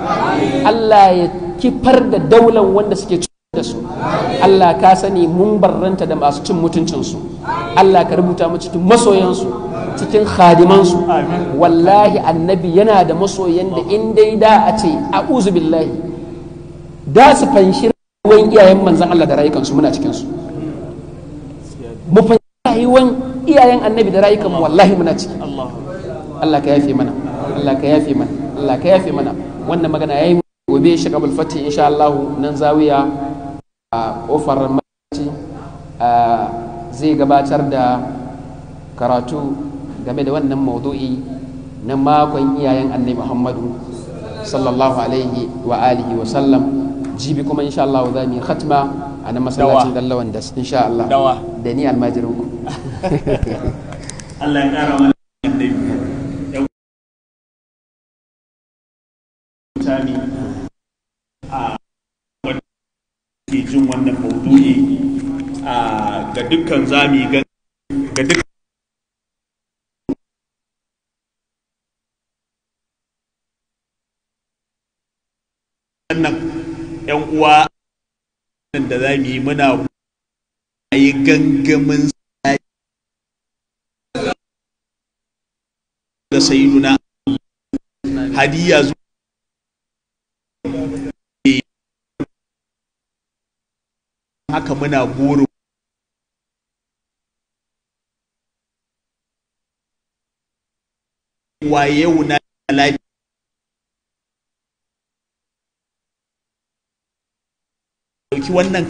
Allah ya kifar da daular wanda suke da su Allah ka sani mun barranta da masu cin mutuncinsu Allah ka rubuta mu cikin masoyansu cikin khadimansu wallahi annabi yana da masoyan da in dai da a ce a'udhu billahi da su fanshi rayuwar iyayen manzan Allah da rayukansu muna cikin su mu fanshi rayuwar iyayen annabi da rayukan wallahi muna ciki Allah ka yafe mana Allah ka yafe mana Allah ka yafe mana wannan magana yayi gobe shi kabul fatih insha Allah nan zawiya ƙofar mace zai gabatar da karatu game da wannan maudu'i na makon iyayen annai muhammadu sallallahu alaihi wa alihi wa sallam jibi kuma insha Allah za mu yi khatma a nan masallacin dallawan da insha Allah da ni almajirinku <laughs> Allah ya kara jin wannan maudu'i a ga dukkan zami ga dukkan yan uwa da za mu yi muna a yi gangamin da sayi nuna hadiya zuwa haka muna goro waye wuna na lafiya wannan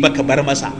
baka bar masa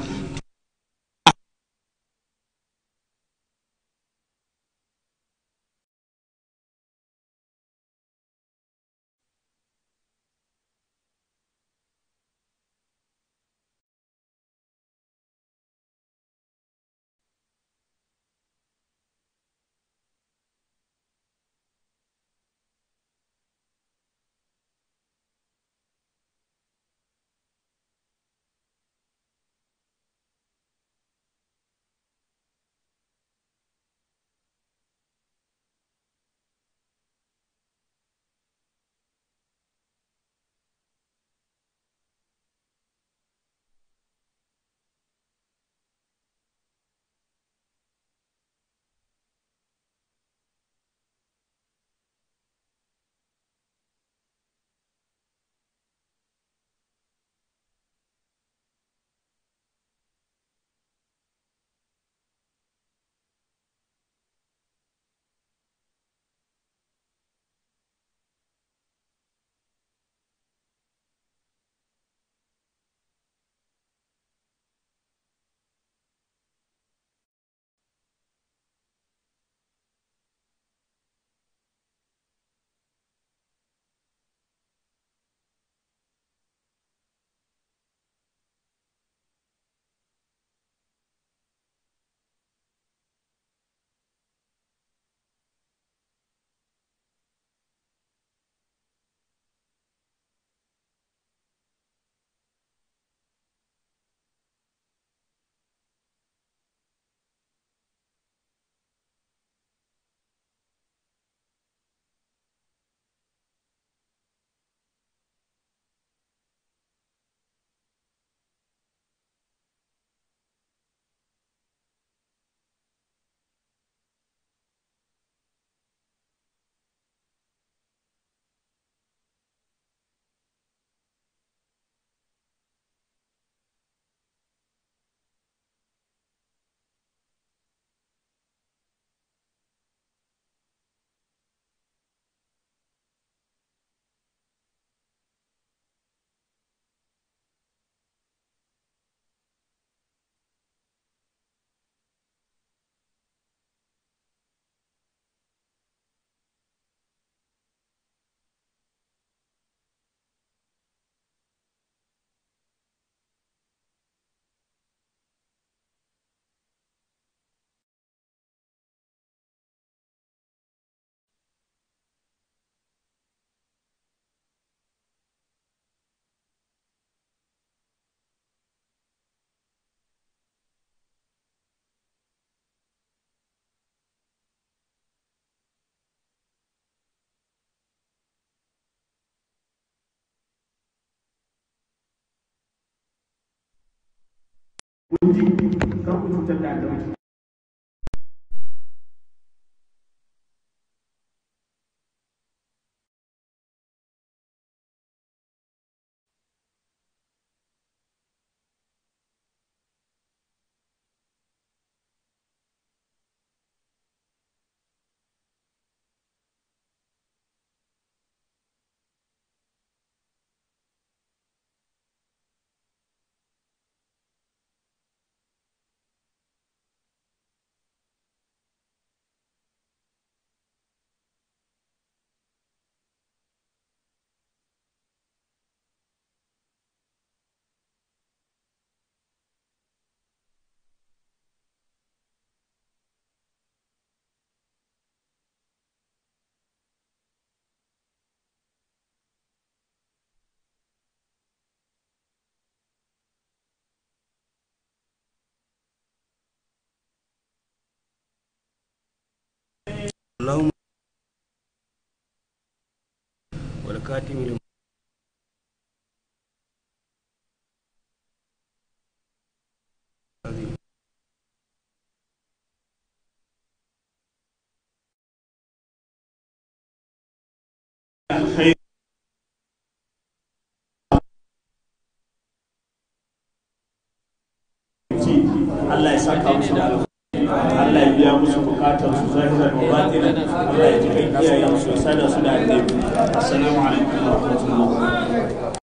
kun ji kan ku cutar da al'umma اللهم والكاتم الخير Allah ya saka musu da alkhairi musu bukatar su zahirar wa batinan Allah ya ji kai iyayen su sada su da annabi assalamu alaikum wa rahmatullahi